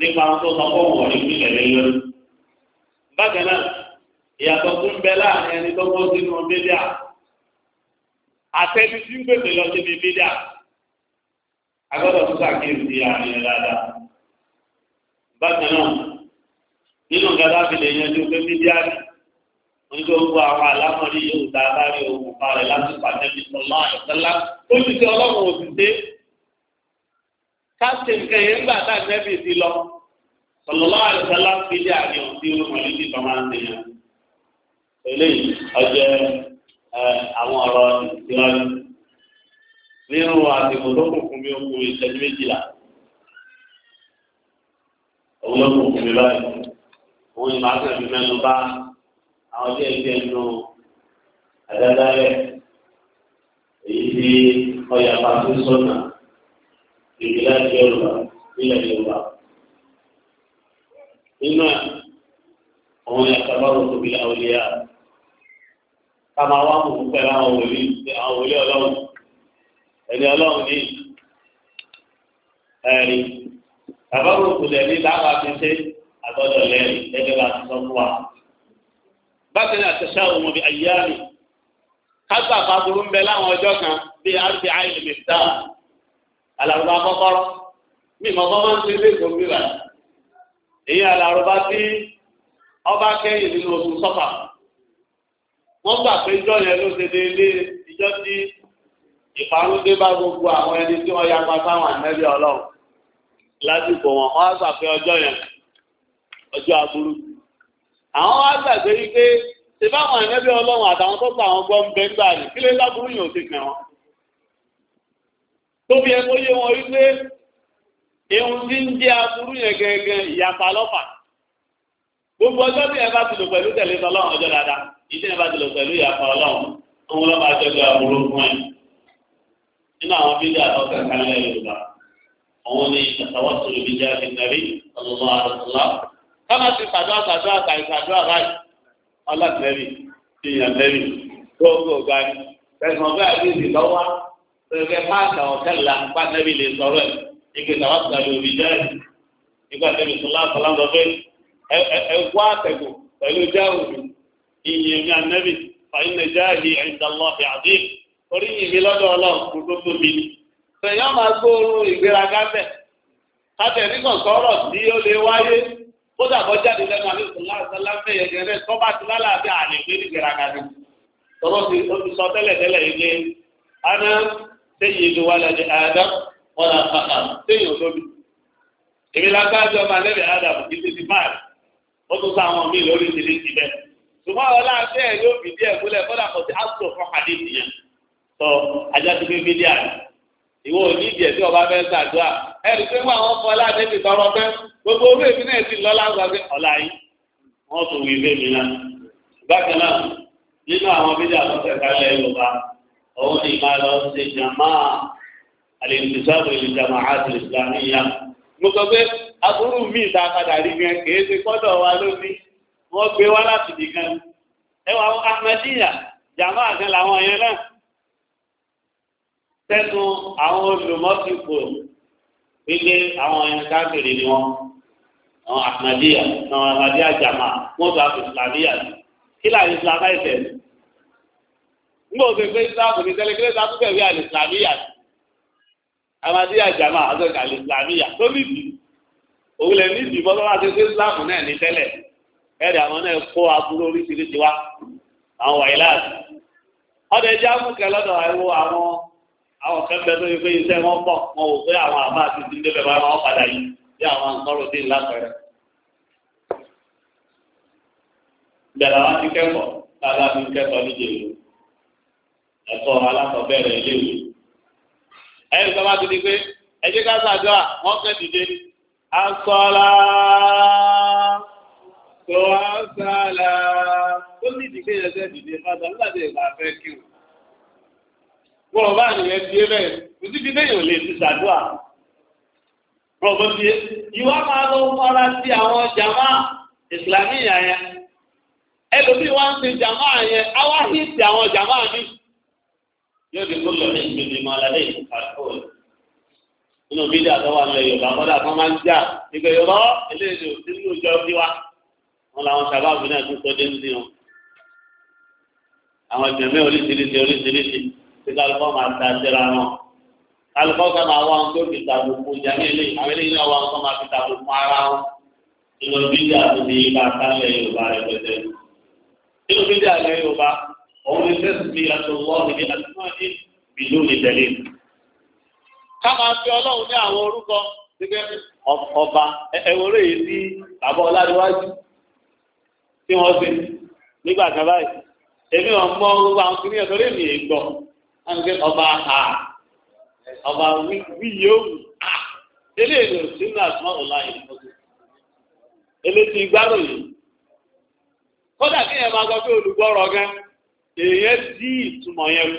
nípa tó sọ fún wọn ní ìpínlẹ̀ lẹ́yìn. bákan náà ìyàtọ̀ tó ń bẹ láàrin ẹni tó kọ́ sínú bídíà àtẹ́bí tí ń gbèsè lọ síbi bídíà agbọ́dọ̀ tó sàkíyèsí àárín ẹ̀ dáadáa. bákan náà nínú gàdá fi lè yanjú pé bídíà ni onígbòǹgbò àwọn àlámọ̀rí yóò dá láàrin òkùnfà rẹ̀ láti pàtẹ́bí sọ̀lá àyọ̀tẹ́lá ó ti káṣí nǹkan yẹn gbà tá nẹ́bì ti lọ sọlọ́lá àlùsálà fi lé àní ohun tí ó mọ̀lẹ́ ti tọ́mọ ń tẹ̀yàn. eléyìí ọjọ́ àwọn ọ̀rọ̀ ìsìláàmù nínú àsìkò tó kún fún mi ó kú ìṣẹ́jú méjìlá òun ló kún fún mi báyìí òun ni màá tẹ̀lé mẹ́nu bá àwọn tí ẹ̀ ń tẹ̀ nù àdáda èyí tí ọ̀yà pàṣẹ sọ̀nà ìgbìlá Yorùbá nílẹ̀ Yorùbá. nínú àwọn ìyàtọ̀lọ́rùn tóbi láwọn ilé yá ká máa wá mú pẹ̀lú àwọn wòlíì àwọn wòlíì ọlọ́run ẹni ọlọ́run ní ẹ̀rí bàbá òkú lẹ́ni láwọn akéṣe àgbọ̀dọ̀ lẹ́ni ẹgbẹ́ bá ti sọ fún wa. bákan náà tẹ̀sán òun mọ̀ bí ayé àmì ká bá burú ń bẹ láwọn ọjọ́ kan bíi rbi àìlèmẹ̀ta alárúbá kọ́kọ́rọ́ mi mọ̀ kọ́ máa ń ṣe ilé ìgbòmí rà èyí alárúbá tí ọba kẹ́yìn nínú oṣù sọ́fà wọ́n gbà pé ìjọ yẹn ló ṣe déédé ìjọ tí ìparun dé bá gbogbo àwọn ẹni tí wọ́n yapa sáwọn ànẹ́bí ọlọ́run lásìkò wọn wọ́n á pé ọjọ́ yẹn ọjọ́ aburú àwọn wá gbàgbé wípé ṣe báwọn ànẹ́bí àtàwọn tó gbà wọn gbọ́ ń bẹ́ gbà ní kílé láburú yìí ò sì gbẹ̀ wọn tó fi ẹkọ yé wọn wípé ihun tí ń jẹ́ aburú yẹn gẹ́gẹ́ ìyapa lọ́fà gbogbo ọjọ́ bí ẹ bá ti lò pẹ̀lú tẹ̀lé ọlọ́run ọjọ́ dáadáa ìdí ẹ bá ti lò pẹ̀lú ìyapa ọlọ́run òun lọ́ba àjọjọ aburú fún ẹ nínú àwọn bíi àtọ́ kankan lẹ́ yorùbá àwọn ní ìtàwọ́ sọ̀rọ̀ bíi jẹ́ àfihàn ọlọ́wọ́ àdùsọ́lá káná ti sàdúrà sàdúrà kà ìsàdúrà báyìí ọlọ́tẹ̀lẹ́rì ìyànlẹ́rì gbogbo ọ̀gá ni ẹ̀sán bẹ́ẹ̀ sọ̀rọ̀ ẹ̀ máa kà ọ̀kẹ́ là ń pa nẹ́bí lè sọ̀rọ̀ ẹ̀ ike tàwa sọ̀rọ̀ òbí jẹ́ ìgbà tẹ̀lé sọ̀lá sọ̀lá ń sọ pé ẹ wá àtẹ̀kù pẹ̀lú jáwùrù ìyìn mi ànẹ́bí fàyínlẹ̀ jáàdì ìdàlọ́ ìyàdí orí yìí mi lọ́dọ̀ ọlọ́run tó tóbi ni. sèyàn máa gbóòórùn ìgbéraga bẹ̀ káfíẹ̀ nígbà sọ̀rọ̀ tí ó lè wáyé ó dàbọ̀ jáde lẹ́nu àlùsọ̀lá sọ̀lá mẹ́yẹ̀ gẹ̀rẹ́ tọ́ba ti lálàáfíà àlè sayyidu waladi adam wala fakhar sẹ́yìn olóbi èmi lágbájọ ọmọ alẹ́bẹ̀ adam kì í ti ti máa ó tún sọ àwọn míì lórí ìdílé ti bẹ́ẹ̀ ṣùgbọ́n ọlá tẹ́ ẹ̀ yóò fìdí ẹ̀ múlẹ̀ fọ́dà kò sí àtúntò fún hadith yẹn sọ ajá ti fi mídíà ìwọ òní ìdí ẹ̀ tí ọba fẹ́ ṣàdúrà ẹ̀rí pé wọ́n àwọn fọlá àdébì tọrọ fẹ́ gbogbo owó èmi náà ti lọ́lá ń sọ pé ọ̀la yìí wọ́n tún wí bẹ́ẹ̀ mi náà bákan náà nínú àwọn mídíà tó tẹ̀ òun ni máa lọ ṣe jàmá àlèmùsàbò ìjàmá àti ìsìlámìyà. mo sọ pé aburú mi ìta padà rí gan kìí ṣe kọ́dọ̀ wa lónìí wọ́n gbé wá láti nìkan. ẹ wà wọn ahmadiyya jàmá àti làwọn yẹn náà. sẹ́nu àwọn olùmọ́sípò gbígbé àwọn yẹn káàkiri ni wọ́n. àwọn ahmadiyya àwọn ahmadiyya jàmá wọ́n gba ìsìlámìyà. kí láà ìsìlámà ìfẹ́ mi? ńgbà òfin pé islam ní tẹlifíṣẹ́ sáà túbẹ̀ wí àlìsàmíyà amadíyà jama àtọ́ka àlìsàmíyà tó nídìí òun lè nídìí bọ́lọ́lá ti pé islam náà ní tẹ́lẹ̀ ẹ̀rì àwọn náà kó aburú oríṣiríṣi wá àwọn wàhálàs ọdẹ jẹ́ amúkẹ́ lọ́dọ̀ àìwọ àwọn àwọn kẹ́kẹ́ tó yẹ pé iṣẹ́ wọn pọ̀ wọn ò pé àwọn àbá àti ti ń débẹ̀ bá wọn padà yìí bí àwọn nǹkọ́rọ̀ dín lápẹ̀rẹ̀ bẹ̀rẹ̀ àwọn ti kẹ́kọ̀ọ́ tàbí àti kẹ́kọ̀ọ́ níjẹ̀ yìí ẹ̀kọ́ alákọ̀ọ́bẹ̀rẹ̀ iléèwé ẹ̀rí kan bá ti di pé ẹ̀jẹ̀ ká sàdúrà wọ́n kẹ́ dìde asọ́lá tó asọ́lá tó ní ìdílé yẹn sẹ́ dìde padà nígbà tí èèyàn fẹ́ kí o. wọ́n bá nìyẹn di ebe kò síbi téèyàn lè ti sàdúrà rọ̀bọ̀ ti ìwà máa lọ mọ́ra sí àwọn jàmá ìsìlámì yẹn ẹlòmíì wá ń ṣe jàmá yẹn awáhìsì àwọn jàmá mi yóò di kó lọ́ọ̀rẹ́ ìgbèlè mọ́ alẹ́ ìfàkóòlù nínú bídí àtọwà ńlẹ̀ yorùbá kọ́dà kan máa ń jà ìgbè yorùbá eléyìí ò sí nínú ìjọ bí wa wọn làwọn sábàbù náà tún sọ dé ní wọn àwọn ìgbìmọ̀ oríṣiríṣi oríṣiríṣi tí kálukọ́ máa ta síra wọn kálukọ́ ká máa wá ohun tó fi ta gbogbo jàmí eléyìí àwọn eléyìí náà wá ohun tó máa fi ta gbogbo ara wọn nínú bídí àtúndì ìbá sálẹ̀ yorùbá rẹ̀ pẹ̀tẹ́ nínú bídí àlẹ́ yorùbá òun ni tasmiyat Allah bi asma'ihi bidun dalil. ká máa fi ọba ẹ̀wọ̀n yìí sí bàbá ọ̀làdíwájú tí wọ́n ṣe nígbà kan báyìí. èmi ò mọ orúkọ àwọn kìnìyàn ọba ha ọba wù á gbárò yìí kódà kí ẹ máa èèyàn dí ìtumọ̀ yẹn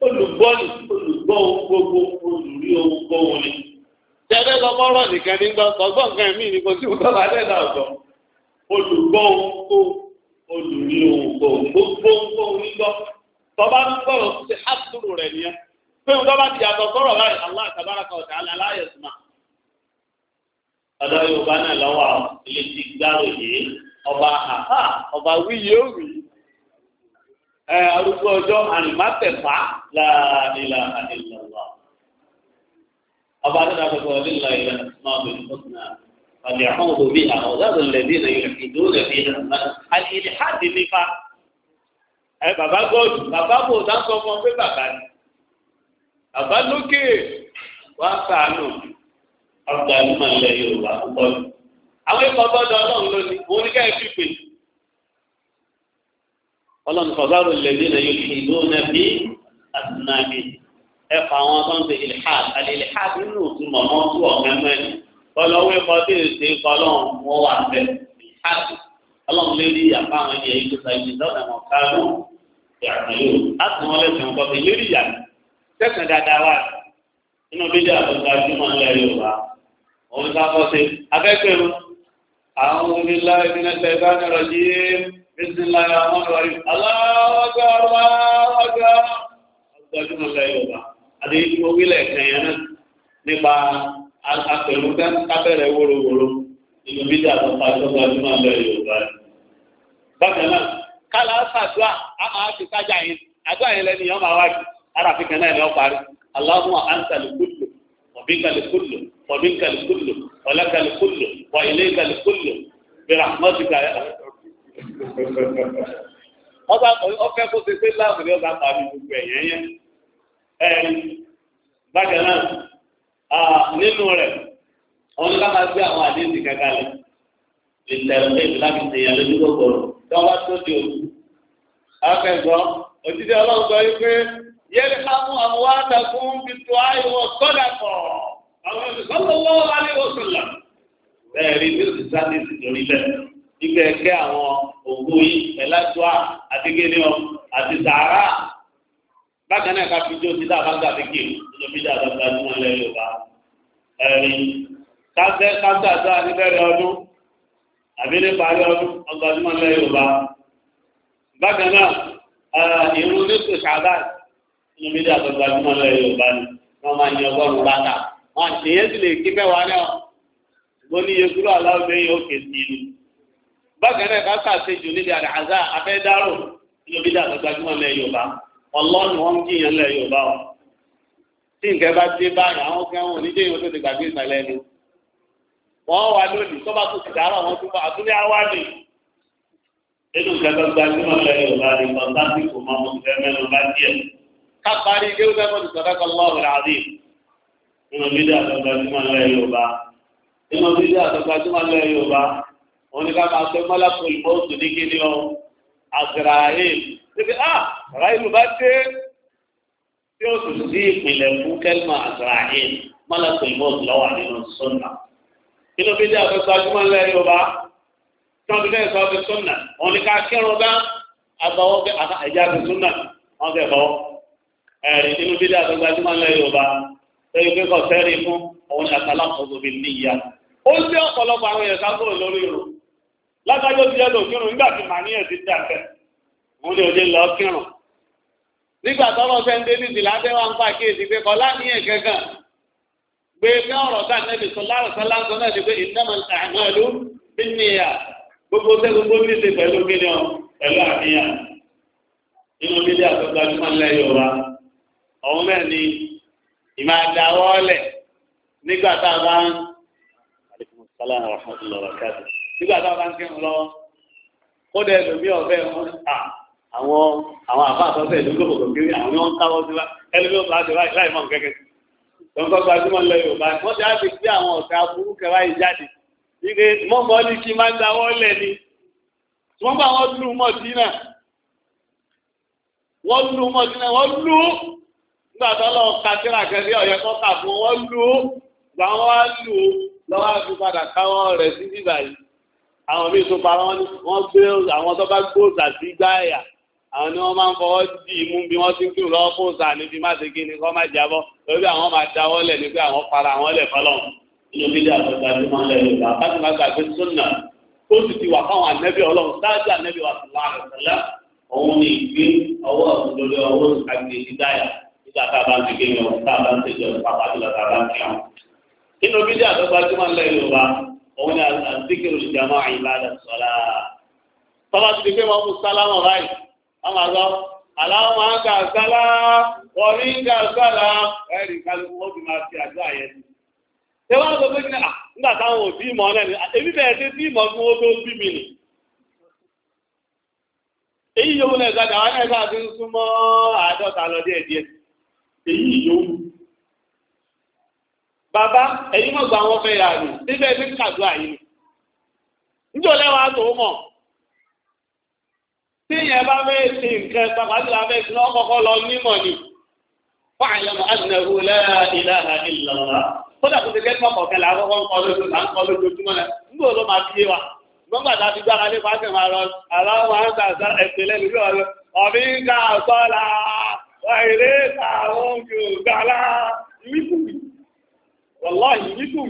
lù olùgbọ́ ni olùgbọ́ ohun gbogbo olùrí ohun gbogbo ni tẹ́lẹ̀ lọ́kọ́rọ́ nìkan ní gbọ́ngbọ́n nǹkan mí ni kò sí òun tọ́lá dẹ́ náà sọ olùgbọ́ ohun gbogbo olùrí ohun gbogbo gbogbo ohun gbogbo nígbọ́ ń sọ̀rọ̀ ṣe àtúrò rẹ̀ nìyẹn pé òun tọ́ba ti yàtọ̀ sọ̀rọ̀ láì Allah tabaraka wa ta'ala aláyẹ̀ sùnmà ọ̀dọ́ Yorùbá náà lọ́wọ́ àwọn ilé ti gbárò ọba wí yóò wí ẹ arúgbó ọjọ́ àrìmátẹ̀fà láàrínlá àdìlọ́wọ́ ọba adéta pẹ̀lú ọdínlá ìlà máa bẹ̀rẹ̀ fọ́tùnà àti àwọn òbí àwọn ọ̀gáàdùn lẹ́bí ilẹ̀ yìí ìdó lẹ́bí ilẹ̀ náà àti ilẹ̀ hádì nípa ẹ bàbá gọ́ọ̀dù bàbá bò dáńsọ fún ọ pé bàbá ni bàbá lókè wá sàánù ọgbà ìmọ̀ ilẹ̀ Yorùbá púpọ̀ àwọn ikọ̀ Ọlọ́run lónìí òun ní ká ẹ fi pè é ọlọ́run fọ̀bárò lèdí na yóò fi ìlú náà bí àtúnáàbí ẹ fà wọn tó ń ṣe ìlhàd àti ìlhàd nínú ìtumọ̀ wọn tó ọ̀gá mẹ́rin kọlọ́wé kọ́ tí èsè kọlọ́run wọn wà bẹ́ ìlhàd ọlọ́run lè rí ìyàpá àwọn ẹ̀yẹ yìí tó sa ìdí lọ́nà wọn kárò ìyàtọ̀lò láti wọn lẹ́sìn بسم الله الرحمن الرحيم الله أكبر الله أكبر ọgbọ́dún ọ̀la yorùbá àdéhùn orílẹ̀ kẹyìn náà nípa apẹ̀lú kábẹ̀rẹ̀ wóróworó nínú bídí àtọ́fà tó gbajúmọ̀ ọ̀la yorùbá. bákan náà kálá sàdúà a máa fi kájà yín àdúà yín lẹ́nu yọ̀ máa wá jù ara fi kẹ́ náà lọ́ parí aláwọ̀ àǹtàlì kúlò ọ̀bí kàlì kúlò ọba ọfẹ kó ti pé láàbù ní ọba pàmì gbogbo ẹyẹ yẹn ẹ bákan náà nínú rẹ ọdún ká máa gbé àwọn àdéhùn kankan lẹ ìtẹ̀lẹ́ ìlànà ìyẹn lójú kòkòrò tí wọ́n bá tó di òkú. akẹ́kọ̀ọ́ òtítọ́ ọlọ́run sọ wípé yẹ́nì ká mú àwọn wá dàkún bí àìwọ̀ sọ́dà pọ̀ àwọn olùsọ́kọ̀ wọ́n wá ní oṣù là. bẹ́ẹ̀ ni bí o ti sáré ibẹ̀ kẹ́ àwọn òògùn yìí ẹ̀lájúà àti kéde ọ àti sàárà bákan náà ká fi jó sí dáa bá gbà fi kéwù nínú bí dáa bá gbà ní wọn lẹ́yìn ọba ẹ̀rí káfẹ́ káfẹ́ àti àníbẹ̀rẹ̀ ọdún àbí ní parí ọdún ọgbà ní wọn lẹ́yìn ọba bákan náà ìrún ní kò sábà nínú bí dáa bá wọn lẹ́yìn ọba ni wọn máa ń yan ọgọ́rùn bàtà wọn àti ìyẹn sì lè kí mẹ́wàá náà gbóníyekúrò aláwọ̀ bákan náà ká sàṣejù níbi àdàzà afẹ́dárò nínú bí dàgbà gbajúmọ̀ lẹ yorùbá ọlọ́run wọn ń jiyàn lẹ yorùbá o tí nǹkan bá dé báyìí àwọn kẹwọn oníjẹ ìwé tó ti gbàgbé ìsàlẹ̀ ni wọn wà lónìí tó bá tó ti dárò wọn tó bá àtúnyà ní. nínú nǹkan tó gbajúmọ̀ yorùbá ni fantastic ọmọ ọmọ ìfẹ́ mẹ́rin bá díẹ̀ òun ni ká máa pé mọ́lápọ̀ ìmọ̀ọ́sù ní kí ni ọ azrael ṣébi ah rahim bá dé tí ó sì sí ìpìlẹ̀ fún kẹ́lìmọ̀ azrael mọ́lápọ̀ ìmọ̀ọ́sù lọ́wọ́ nínú sunna inú bíi àwọn ẹ̀sọ́ ajúmọ̀ ńlẹ̀ yorùbá tí wọ́n fi lẹ́yìn sọ́ọ́ fi sunna òun ni ká kírun bá agbawọ́ ẹ̀já fi sunna wọ́n fẹ́ bọ́ ẹ̀rí inú bíi àwọn ẹ̀sọ́ ajúmọ̀ ńlẹ̀ yorùbá lẹ́yìn pé kọ́ sẹ́rí fún òun ni àtàlà ọ̀gbọ̀n níyà ó ń dé ọ̀pọ̀lọpọ̀ àwọn ẹ̀sọ́ lágbájọ́ ti yẹ́lò kírun nígbà tí màá ní ẹ̀sìn dà bẹ́ẹ̀ òun ni òde lọ kírun. nígbà tọ́lọ́ sẹ́ńdé ní ìdìlábẹ́ wa ń pàkíyèsí pé kọ́lá ní ẹ̀kẹ́ kan pé bí ọ̀rọ̀ tá a nẹ́bi sọ̀lá ọ̀sán láǹtọ́ náà ti pé ìdámọ̀ àmọ́lú níníyà gbogbo tẹ́ gbogbo ní ti pẹ̀lú kíni ọ pẹ̀lú àníyàn. inú bíbí àtọ́gbàjúmọ́ ńlẹ̀ yorùbá ọ̀hún náà ni ìmọ̀ nígbà tá a bá ń. aleykum salaam wa rahmatullahi wa nígbà bá ń kírun lọ́wọ́ kódà ẹlòmí ọ̀fẹ́ wọn à àwọn àwọn àbá àtọ́sẹ̀ kiri àwọn ni ń káwọ́ sí wa ẹlòmí ọ̀fẹ́ àti láì láì mọ̀ kẹ́kẹ́ tọ́ńtọ́ gbajúmọ̀ lọ Yorùbá wọ́n ti á sí àwọn ọ̀sẹ̀ aburú kẹwà yìí jáde ìdè mọ́mọ́ ní kí máa ń dáwọ́ lẹ̀ ni wọ́n bá wọn lù mọ́ sí náà wọ́n lù mọ́ sí náà wọ́n lù nígbà tó lọ ka síra kẹsí ọ̀yẹ́ kọ́ kà fún wọn lù gbà wọn lù lọ́wọ́ àfi padà káwọ́ rẹ̀ sí àwọn míì tó para wọn wọ́n gbé àwọn tó bá gbòòsà sí gbá ẹ̀yà àwọn ni wọ́n máa ń fọwọ́ dì í mú bí wọ́n ti ń kírun lọ́wọ́ fòòsà níbi má ṣe kí ni kọ́ má jábọ́ lórí àwọn máa dáwọ́ lẹ̀ ní pé àwọn para àwọn lẹ̀ fọlọ́ inú bí dà tó gbàgbé máa ń lẹ̀ lọ́wọ́ àbájú máa gbàgbé sunna ó sì ti wà fáwọn ànẹ́bí ọlọ́run sáájú ànẹ́bí wa sì máa rẹ̀ sẹ́lá òun ni ìgbé ọwọ́ àtúndórí ọwọ́ àgbè dídáyà nígbà tá a bá ń ṣe kéèyàn tá a bá ń ṣe ìjọba òun ni àzíkìrì ìjàmọ́ ìbádà sọ́lá. tọ́lá ti pé wọ́n mú sálámù báyìí wọ́n máa lọ aláwọ̀ ń ma sálá wọ́n rí ń gà sálá ẹ̀rì kálukú nígbà táwọn náà ni ah, èmi bẹ̀rẹ̀ sí bí fún bí mi nì. èyí àwọn ẹ̀ka ti ń súnmọ́ àádọ́ta lọ èyí bàbá ẹ̀yin mọ̀ gba àwọn ọmọ ìyá rẹ̀ síbẹ̀ ní kàdúrà yìí ni níjọ́ lẹ́wàá tó mọ̀ tí ìyẹn bá fẹ́ ṣe nǹkan bàbá tí wàá fẹ́ ṣe náà kọ́kọ́ lọ nímọ̀ ni wọ́n àyẹ̀mọ̀ àdìnàrú lẹ́yà ìlànà ìlànà kódà kò ti kẹ́ mọ́ kọ̀ọ̀kẹ́ là kọ́kọ́ ń kọ́ lójú là ń kọ́ lójoojúmọ́ rẹ̀ nígbà ló máa fi yé wa gbọ́ngbà tá a ti gbára lé pàṣẹ máa lọ aláwọ̀ á ń ta àṣà ẹ̀sẹ̀ lẹ́nu bí wọ́n lọ ọ̀bí ń ka àṣọ la wà ìrẹ́ ta òun kì í gbà lá ìmíkùmí wàláhì nínú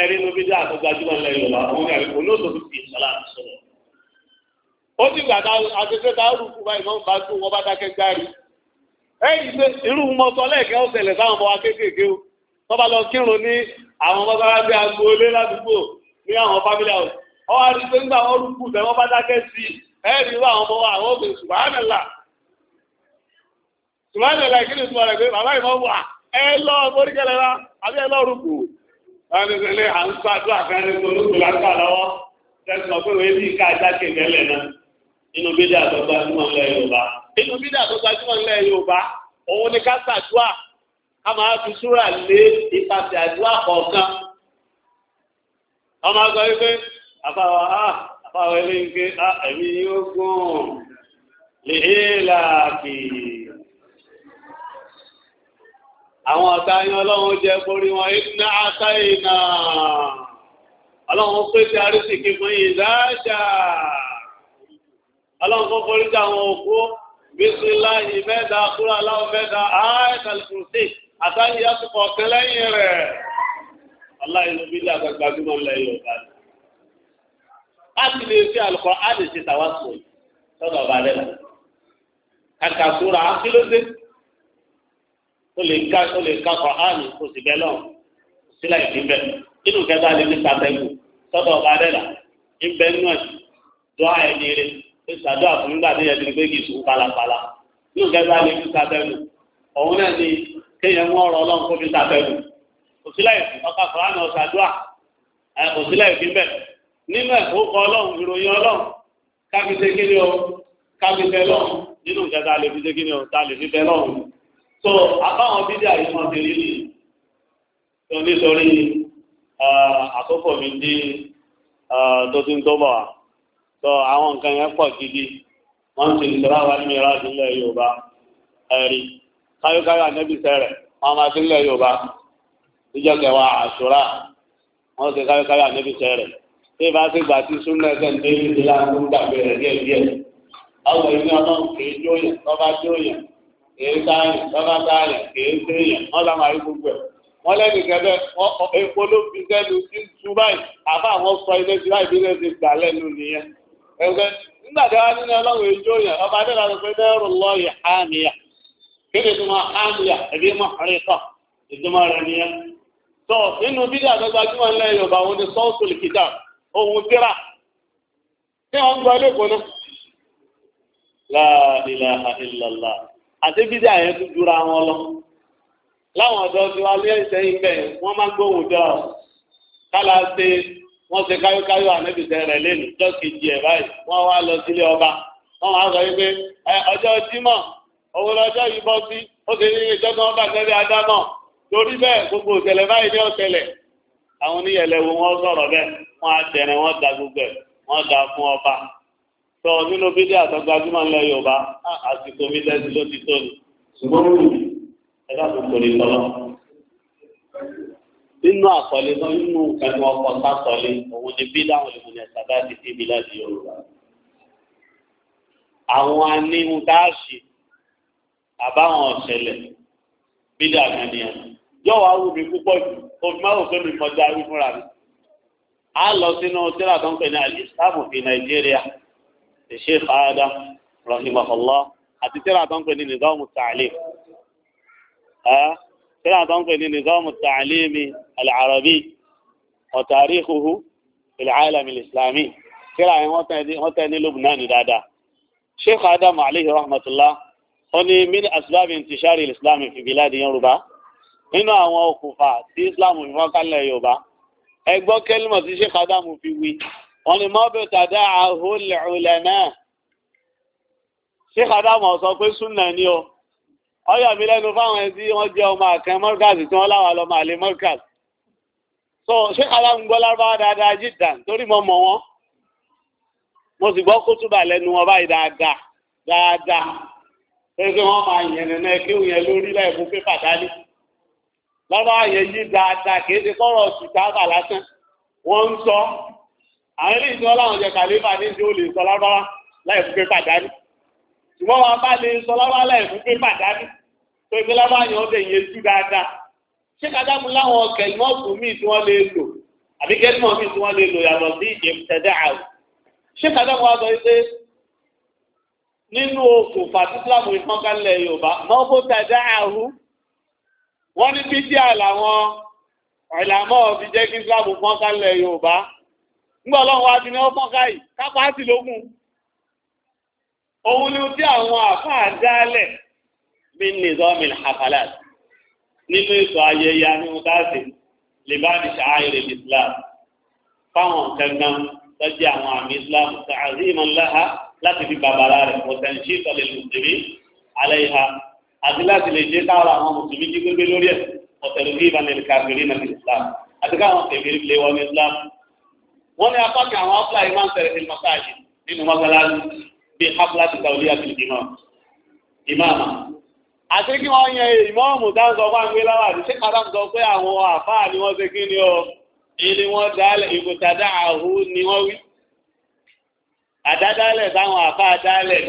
ẹ̀rí ló fi dá àtọ́gbájúmọ̀ lẹ́yìn lọ́la òun yàrá olóòtú fi fi ìsọ̀lá sọ̀rọ̀. ó ti gbàdá àtẹ́tẹ́ tá a rú kú báyìí wọ́n bá tún wọ́n bá dákẹ́ gbárí. ẹ̀yìn pé irú mọ́tò lẹ́ẹ̀kẹ́ ó ṣẹlẹ̀ sáwọn ọmọ wa kéékèèké o wọ́n bá lọ kírun ní àwọn ọmọ bá gbé agbo ilé ládùúgbò ní àwọn family house. ọ ẹ lọ oríkẹlẹ̀ rá àbí ẹ lọ rúkú ẹnìkẹlẹ̀ à ń sàdúrà kẹrin tó rúkú lápá lọ́wọ́ tẹsán pé wọ́n ebi ká ìdákẹ́ ìbẹ́lẹ̀ náà inú bídà tó gbajúmọ̀ Yorùbá bídà tó Yorùbá òun ni ká sàdúrà ká máa fi súrà lé ọmọ àgbà wípé ah, ah, ẹ̀mí yóò gùn lè é làákìí. àwọn ọ̀tá yín ọlọ́run jẹ́ borí wọn iná ata iná ọlọ́run pèsè àrísìkí fún yìí dáṣà ọlọ́run kó borí àwọn òkú bísíláì mẹ́ta kúrò aláwọ̀ mẹ́ta àìsàlùkùsì àtàlì àsìkò ọ̀kan lẹ́yìn rẹ̀ aláìlúbílẹ̀ àgbàgbà gbígbọ́n lẹ́yìn ọ̀gá rẹ̀ a ti lè fi àlùkò a lè ṣe tàwa sùn sọ́dọ̀ ọ̀bà rẹ̀ la kàkà sóra kí ló dé tó lè ká tó lè ká kọ áàmì kó sì bẹ́ẹ̀ lọ́wọ́ sílẹ̀ ìdí bẹ́ẹ̀ nínú kẹta lè ní sàtẹ́kù sọ́dọ̀ ọba adẹ́là ìbẹ́ nù ẹ̀ dọ́ ẹni rẹ̀ ìsàdọ́ àfúnigbà tí yẹn ti gbé kì í sùn pálapàla nínú kẹta lè ní sàtẹ́kù ọ̀hún náà ni kéèyàn mú ọ̀rọ̀ ọlọ́run kó fi sàtẹ́kù òsílẹ̀ ìfún ọkà fúlàní ọ̀sàdúà òsílẹ̀ ìfín bẹ́ẹ̀ nínú ẹ̀kọ́ kọ ọlọ́run ìròyìn ọlọ́run káfíńsẹ́ kíni o káfíńsẹ́ lọ́run nínú kẹta lè fi ṣe kíni o ta lè fi bẹ́ lọ́run So, abáwọn bídí àyíkọ́ ti rí ni tó nítorí àkókò mi dé tó So, ń tó bọ̀ wá tó àwọn nǹkan yẹn pọ̀ gidi wọ́n ti ń sọ́ra wá ní mìíràn nílẹ̀ Yorùbá ẹ̀rí káyọ̀káyọ̀ ànẹ́bí sẹ́rẹ̀ wọ́n máa ti ń lẹ̀ Yorùbá níjọ́ kẹwàá àṣùrà wọ́n ti káyọ̀káyọ̀ ànẹ́bí sẹ́rẹ̀ tí ìbá ti gbà tí súnmọ́ ẹsẹ̀ ń dé ní ìlànà ń gbàgbé rẹ̀ díẹ̀ díẹ̀ àwọn ọlọ́run kì í e sáyẹn lọ́nà sáyẹn èyí wọ́n sá máa gbogbo ẹ̀ wọ́n lẹ́nu kẹ́lẹ́ epo ló fi sẹ́nu tí tu báyìí àbá àwọn sọ ilé sí báyìí bílẹ̀ ti gbà lẹ́nu nìyẹn ẹgbẹ́ nígbà tí wọ́n nínú ọlọ́run ejó yẹn ọba adéla sọ pé dẹ́rù lọ́ọ̀yà mọ̀ rẹ̀ nìyẹn. àti bídí àyẹ̀ tó jura wọn lọ láwọn ọ̀dọ́ tí wọ́n lé sẹ́yìn bẹ́ẹ̀ wọ́n máa gbóhùn jọ kálá ṣe wọ́n ṣe káyọ́káyọ́ ànábìsẹ̀ rẹ̀ lẹ́nu jọ́kejì ẹ̀ báyìí wọ́n wá lọ sílé ọba wọ́n wá sọ wípé ọjọ́ jímọ̀ òun lọ́jọ́ yìí bọ́ sí ó ṣe ní ìjọ tó ń bá sẹ́lẹ̀ adámọ̀ torí bẹ́ẹ̀ gbogbo òṣẹlẹ̀ báyìí ní ọ̀ṣẹlẹ̀ àwọn oníyẹ̀lẹ̀ wo wọ́n sọ̀rọ̀ bẹ́ẹ̀ wọ́n á tẹ̀rẹ̀ wọ́n da gbogbo ẹ̀ wọ́n da fún ọba sọ nínú bídí àtọ́gbájúmọ̀ ńlẹ̀ yorùbá àsìkò mi lẹ́sìn ló ti tó ni ṣùgbọ́n ẹ dáàbò kò ní tọ́lọ́ nínú àkọlé náà nínú ẹnu ọkọ̀ sásọlé òun ni bí dáhùn lè múlẹ̀ sábà ti dé ibi láti yorùbá àwọn aníhun tá a ṣe àbáwọn ọ̀ṣẹlẹ̀ bídí àkànìyàn yóò wá wù mí púpọ̀ jù òfin máa wò pé mi mọ̀ já fúnra mi. a lọ sínú tíra tó ń pè ní alìsàmù fi nàìjíríà Sheikh Adam rahimahullah àti tíra tó ń pè ní nizamu ta'lim tíra tó ń pè ní nizamu ta'limi al-arabi wa tarikhuhu fil alam al-islami tíra yẹn wọ́n tẹ́ ní Lubnan dáadáa Sheikh Adam alayhi rahmatullah ó ní min asbab intishari al-islam fi biladi Yorùbá nínú àwọn okùnfà tí Islam fi wọ́n kálẹ̀ Yorùbá ẹgbọ́n kẹ́límọ̀ tí Sheikh Adam fi wí wọ́n ni mọ́bí tàdá àhúlẹ̀ọ̀lẹ̀ náà ṣé kàdámọ̀ sọ pé súnà ni o ọyọ̀ mi lẹ́nu fáwọn ẹni tí wọ́n jẹ́ ọmọ àkàn mọ́rkàs tí wọ́n láwà lọ́mọ àlè mọ́rkàs so ṣé kàdámọ̀ gbọ́ lárúbáwá dáadáa jìdá torí mo mọ̀ wọ́n mo sì gbọ́ kútùbà lẹ́nu wọn báyìí dáadáa dáadáa pé kí wọ́n máa yẹn nínú ẹ kéwù yẹn lórí lẹ́ẹ̀kú pépà dání lárúbáwá yẹn yí dáadáa kì í ti kọ́rọ̀ sùtáàbà àwọn ilé ìṣọ́ láwọn jẹ kàlífà ní ìṣe ó lè sọ lábára láì fún ṣùgbọ́n wọn bá lè sọ lábára láì fún tó ìpínlẹ̀ lábára yẹn ó yẹn tú dáadáa ṣé kàdámù láwọn ọkẹ̀ ìmọ̀ọ̀kù míì tí wọ́n lè lò àbí kẹ́tìmọ̀ míì tí wọ́n lè lò yàtọ̀ sí ìjẹ̀mùtẹ̀dẹ̀ àrùn ṣé kàdámù wa sọ pé nínú okùnfà tí ìfọ́nkálẹ̀ Yorùbá mọ́kó ńgbọ́ ọlọ́run wá ti ní ọ́fọ́n káyì kápáàtì lógún òun ni ó tí àwọn àfáà dálẹ̀ bí nìzọ́mìn hafalat nínú ètò ayẹyẹ anúdáṣe lè bá ní ṣàáyẹrẹ islam fáwọn kankan tọ́jú àwọn àmì islam ta'ziman laha láti fi bàbára rẹ̀ pọ̀tẹ́ǹṣì tọ́lẹ̀ mùsùlùmí alayha àti láti lè jẹ́ káwọn àwọn mùsùlùmí jí gbégbé lórí ẹ̀ pọ̀tẹ́ǹṣì ìbánilẹ̀ kàfírí nàbí islam àti káwọn kẹfìrí lè wọ́n islam wọ́n ní apá kan àwọn afúláyé máa ń sẹ̀rẹ̀ ní masáàjì nínú mọ́sálásí bíi hafla ti sàwọ́lì àti ìmọ̀ ìmáàmà. àti kí wọ́n yan ìmọ̀ọ́mù dáńsọ fún àwọn ìlànà àti ṣé kàdá sọ pé àwọn àfáà ni wọ́n ṣe kí ni ọ ilé wọn dálẹ̀ ìbùtàdá àhú ni wọ́n wí. àdádálẹ̀ táwọn àfáà dálẹ̀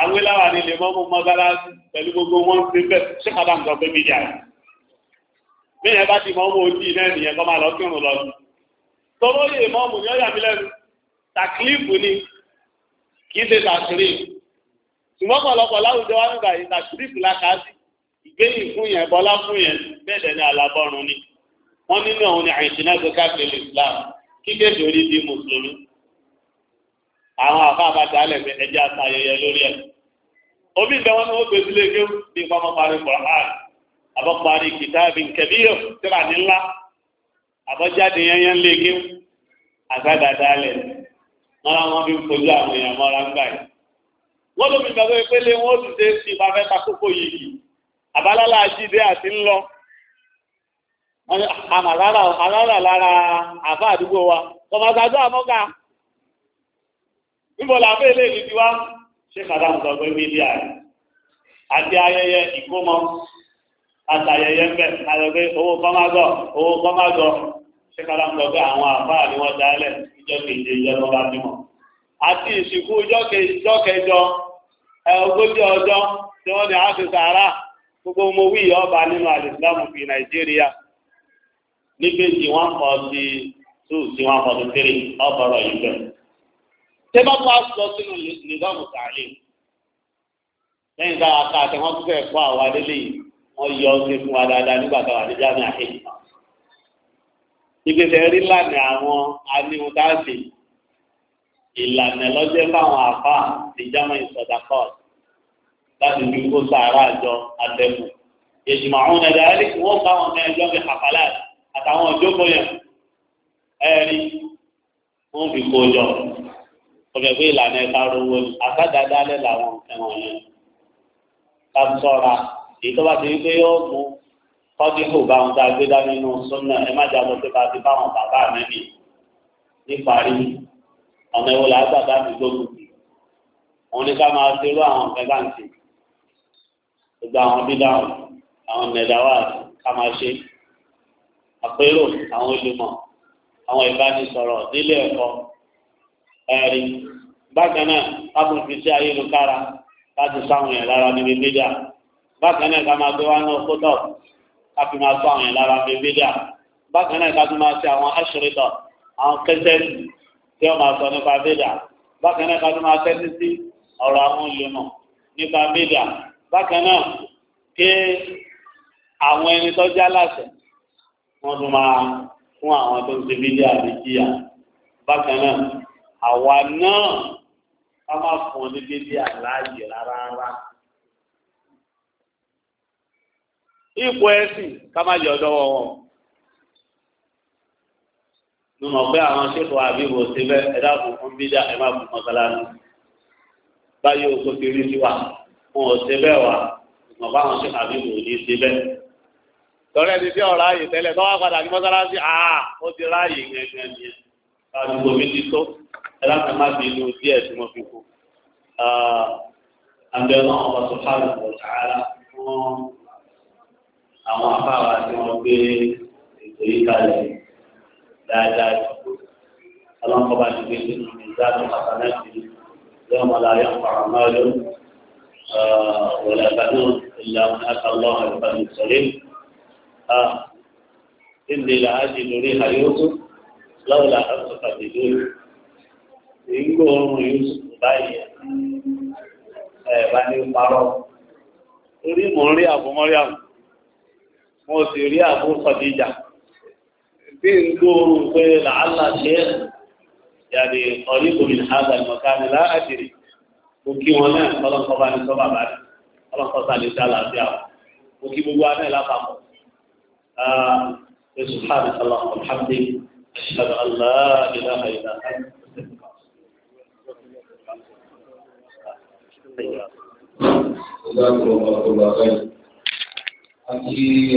àwọn ìlànà ni lè mọ́mú mọ́sálásí pẹ̀lú gbogbo wọn ṣe bẹ́ẹ̀ ṣé kàdá sọ pé mídíà tọ́wọ́ lè mọ́mù ní ọ̀yà mi lẹ́nu tàkìlífù ni kì í ṣe tàṣírífù ṣùgbọ́n pọ̀lọpọ̀ láwùjọ wa nígbà yìí tàṣírífù la kà á sí ìgbéyìn fún yẹn bọ́lá fún yẹn bẹ́ẹ̀ ní alábọ́run ni wọ́n nínú òun ni àìsínà tó káàkiri Islam kíkẹ́ torí di mùsùlùmí àwọn àfa àbàtà alẹ́ fẹ́ ẹjẹ́ àtayẹyẹ lórí ẹ̀ omi ìgbà wọn ni wọ́n gbèsè lé àbọ̀jáde yẹn yẹn lé kí àgbàdà dálẹ̀ mọ́ra wọn fi ń fojú àwọn èèyàn mọ́ra ń gbà yìí. wọ́n lómi gbàgbé pé lé wọn ó sì ṣe sí ìbá fẹ́ ta kókó yìí àbálálà àjídé àti ńlọ ah, àmàlára àlára lára àbá àdúgbò wa tọmọtàdó àmọ́gà níbo làbẹ́ ilé ìlú tiwa ṣé kàdámù sọ pé mídíà àti ayẹyẹ ìkómọ àtàyẹyẹ ń bẹ àlọ́ pé owó kọ́mágọ̀ owó kọ́mágọ̀ ṣé kálá ń sọ pé àwọn àfáà ni wọ́n dálẹ̀ ìjọ keje ìjọ ati bá bímọ. àti ìsìnkú ìjọ kẹjọ ogójì ọjọ́ tí wọ́n gbogbo wí ọba nínú alìsílámù fi nàìjíríà ní péjì wọn kọ sí tù sí wọn kọ sí tírì ọbọrọ yìí bẹ. ṣé bá tó a sọ yọ ọ́ sí fún wa dáadáa nígbà táwọn ìgbésẹ̀ rí lànà àwọn aníhundáàsì ìlànà lọ́jẹ́ fáwọn àfà ní german sọ̀dàkọ́t láti fi kó sàárà àjọ àtẹ̀kù ìjùmọ̀ àwọn ọ̀nà ìdáyàlì wọ́n fáwọn ọ̀nà ẹjọ́ fi kàfàlà àtàwọn ìjókòó yẹn ẹ̀rí wọ́n fi kó jọ ọ̀fẹ́ pé ìlànà ẹ̀ka rówó ni àkàdádálẹ̀ làwọn ẹ̀wọ̀n yẹn ká sọ́ra èyí tó bá ti rí pé yóò mú kọ́díkù bá wọn tá a gbé dání inú súnà ẹ má jábọ̀ pé bàbá báwọn bàbá mẹ́rin níparí ọ̀nà ìwọ làásàdá mi gbógun sí òun ní ká máa ṣe irú àwọn ọ̀fẹ́ bá ń ṣe gbogbo àwọn bídáhùn àwọn mẹ̀dáwà ká máa ṣe àpérò àwọn olùmọ̀ àwọn ìbánisọ̀rọ̀ nílé ẹ̀kọ́ ẹ̀rí bákan náà káàbùn fi sí ayélujára láti sáwọn yẹn lára níbi mídíà bákan náà ká máa gbé wá náà fótó káfí máa sọ àwọn ìlara fi bídà bákan náà káfí máa ṣe àwọn aṣèrìtọ̀ àwọn kẹsẹ̀tì tí wọ́n máa sọ nípa bídà bákan náà káfí máa tẹ́tí sí ọ̀rọ̀ àwọn olùmọ̀ nípa bídà bákan náà kí àwọn ẹni tó já láṣẹ wọ́n tún máa fún àwọn tó ń ṣe bídà àti jíyà bákan náà àwa náà ká má fún ọ ní bídà láàyè rárá rárá. ipò ẹ̀sìn ká má jẹ ọ̀dọ́ wọn. mo mọ̀ pé àwọn ṣètò àbíwò ṣe bẹ́ ẹ dáàbò fún bídà ẹ má fún mọ́sálásí. báyìí o kò ti rí sí wa wọn ò ṣe bẹ́ẹ̀ wá mo bá àwọn ṣètò àbíwò ní ṣe bẹ́ẹ̀. tọ́lẹ̀ ti dé ọ̀rá yìí tẹ́lẹ̀ tọ́wọ́ padà ní mọ́sálásí àá ó ti ráàyè gẹ́gẹ́ ni ẹ̀ àdúgbò mi ti tó ẹ láti má fi inú díẹ̀ tí mo fi kú. àbẹ̀ náà wọ́n sọ àwọn afáwa tí wọ́n gbé ètò yìí kalẹ̀ dáadáa jù ọlọ́mọba ti gbé sínú ìdájọ́ pàtàkì lọ́wọ́ láyé àpàràmọ́lò wọlé àgbàdo ìlànà àtàlọ́ àgbàdo sọ̀rẹ́ a ilé làájì lórí àyóso lọ́wọ́ làájì pàtàkì lórí ìgbò ọrùn Yusuf báyìí ẹ̀ bá ní parọ́ orí mò ń rí àbọ̀mọ́rí àbọ̀ mo sì rí àbúrò kọ̀díjà bí n gbóòórùn pé làálà ṣe yàrá ọ̀rí omi àgbà ìmọ̀kánì láàdìrí mo kí wọn náà ọlọ́nkọ́ bá ní sọ bàbá rẹ̀ ọlọ́nkọ́ sáré sí àlàáfíà mo kí gbogbo aná ìlápapọ̀ ẹ̀sùn hàbí sọlọ́kọ̀ hàbí ṣàbà aláàbíláhà ìlànà. Thank you.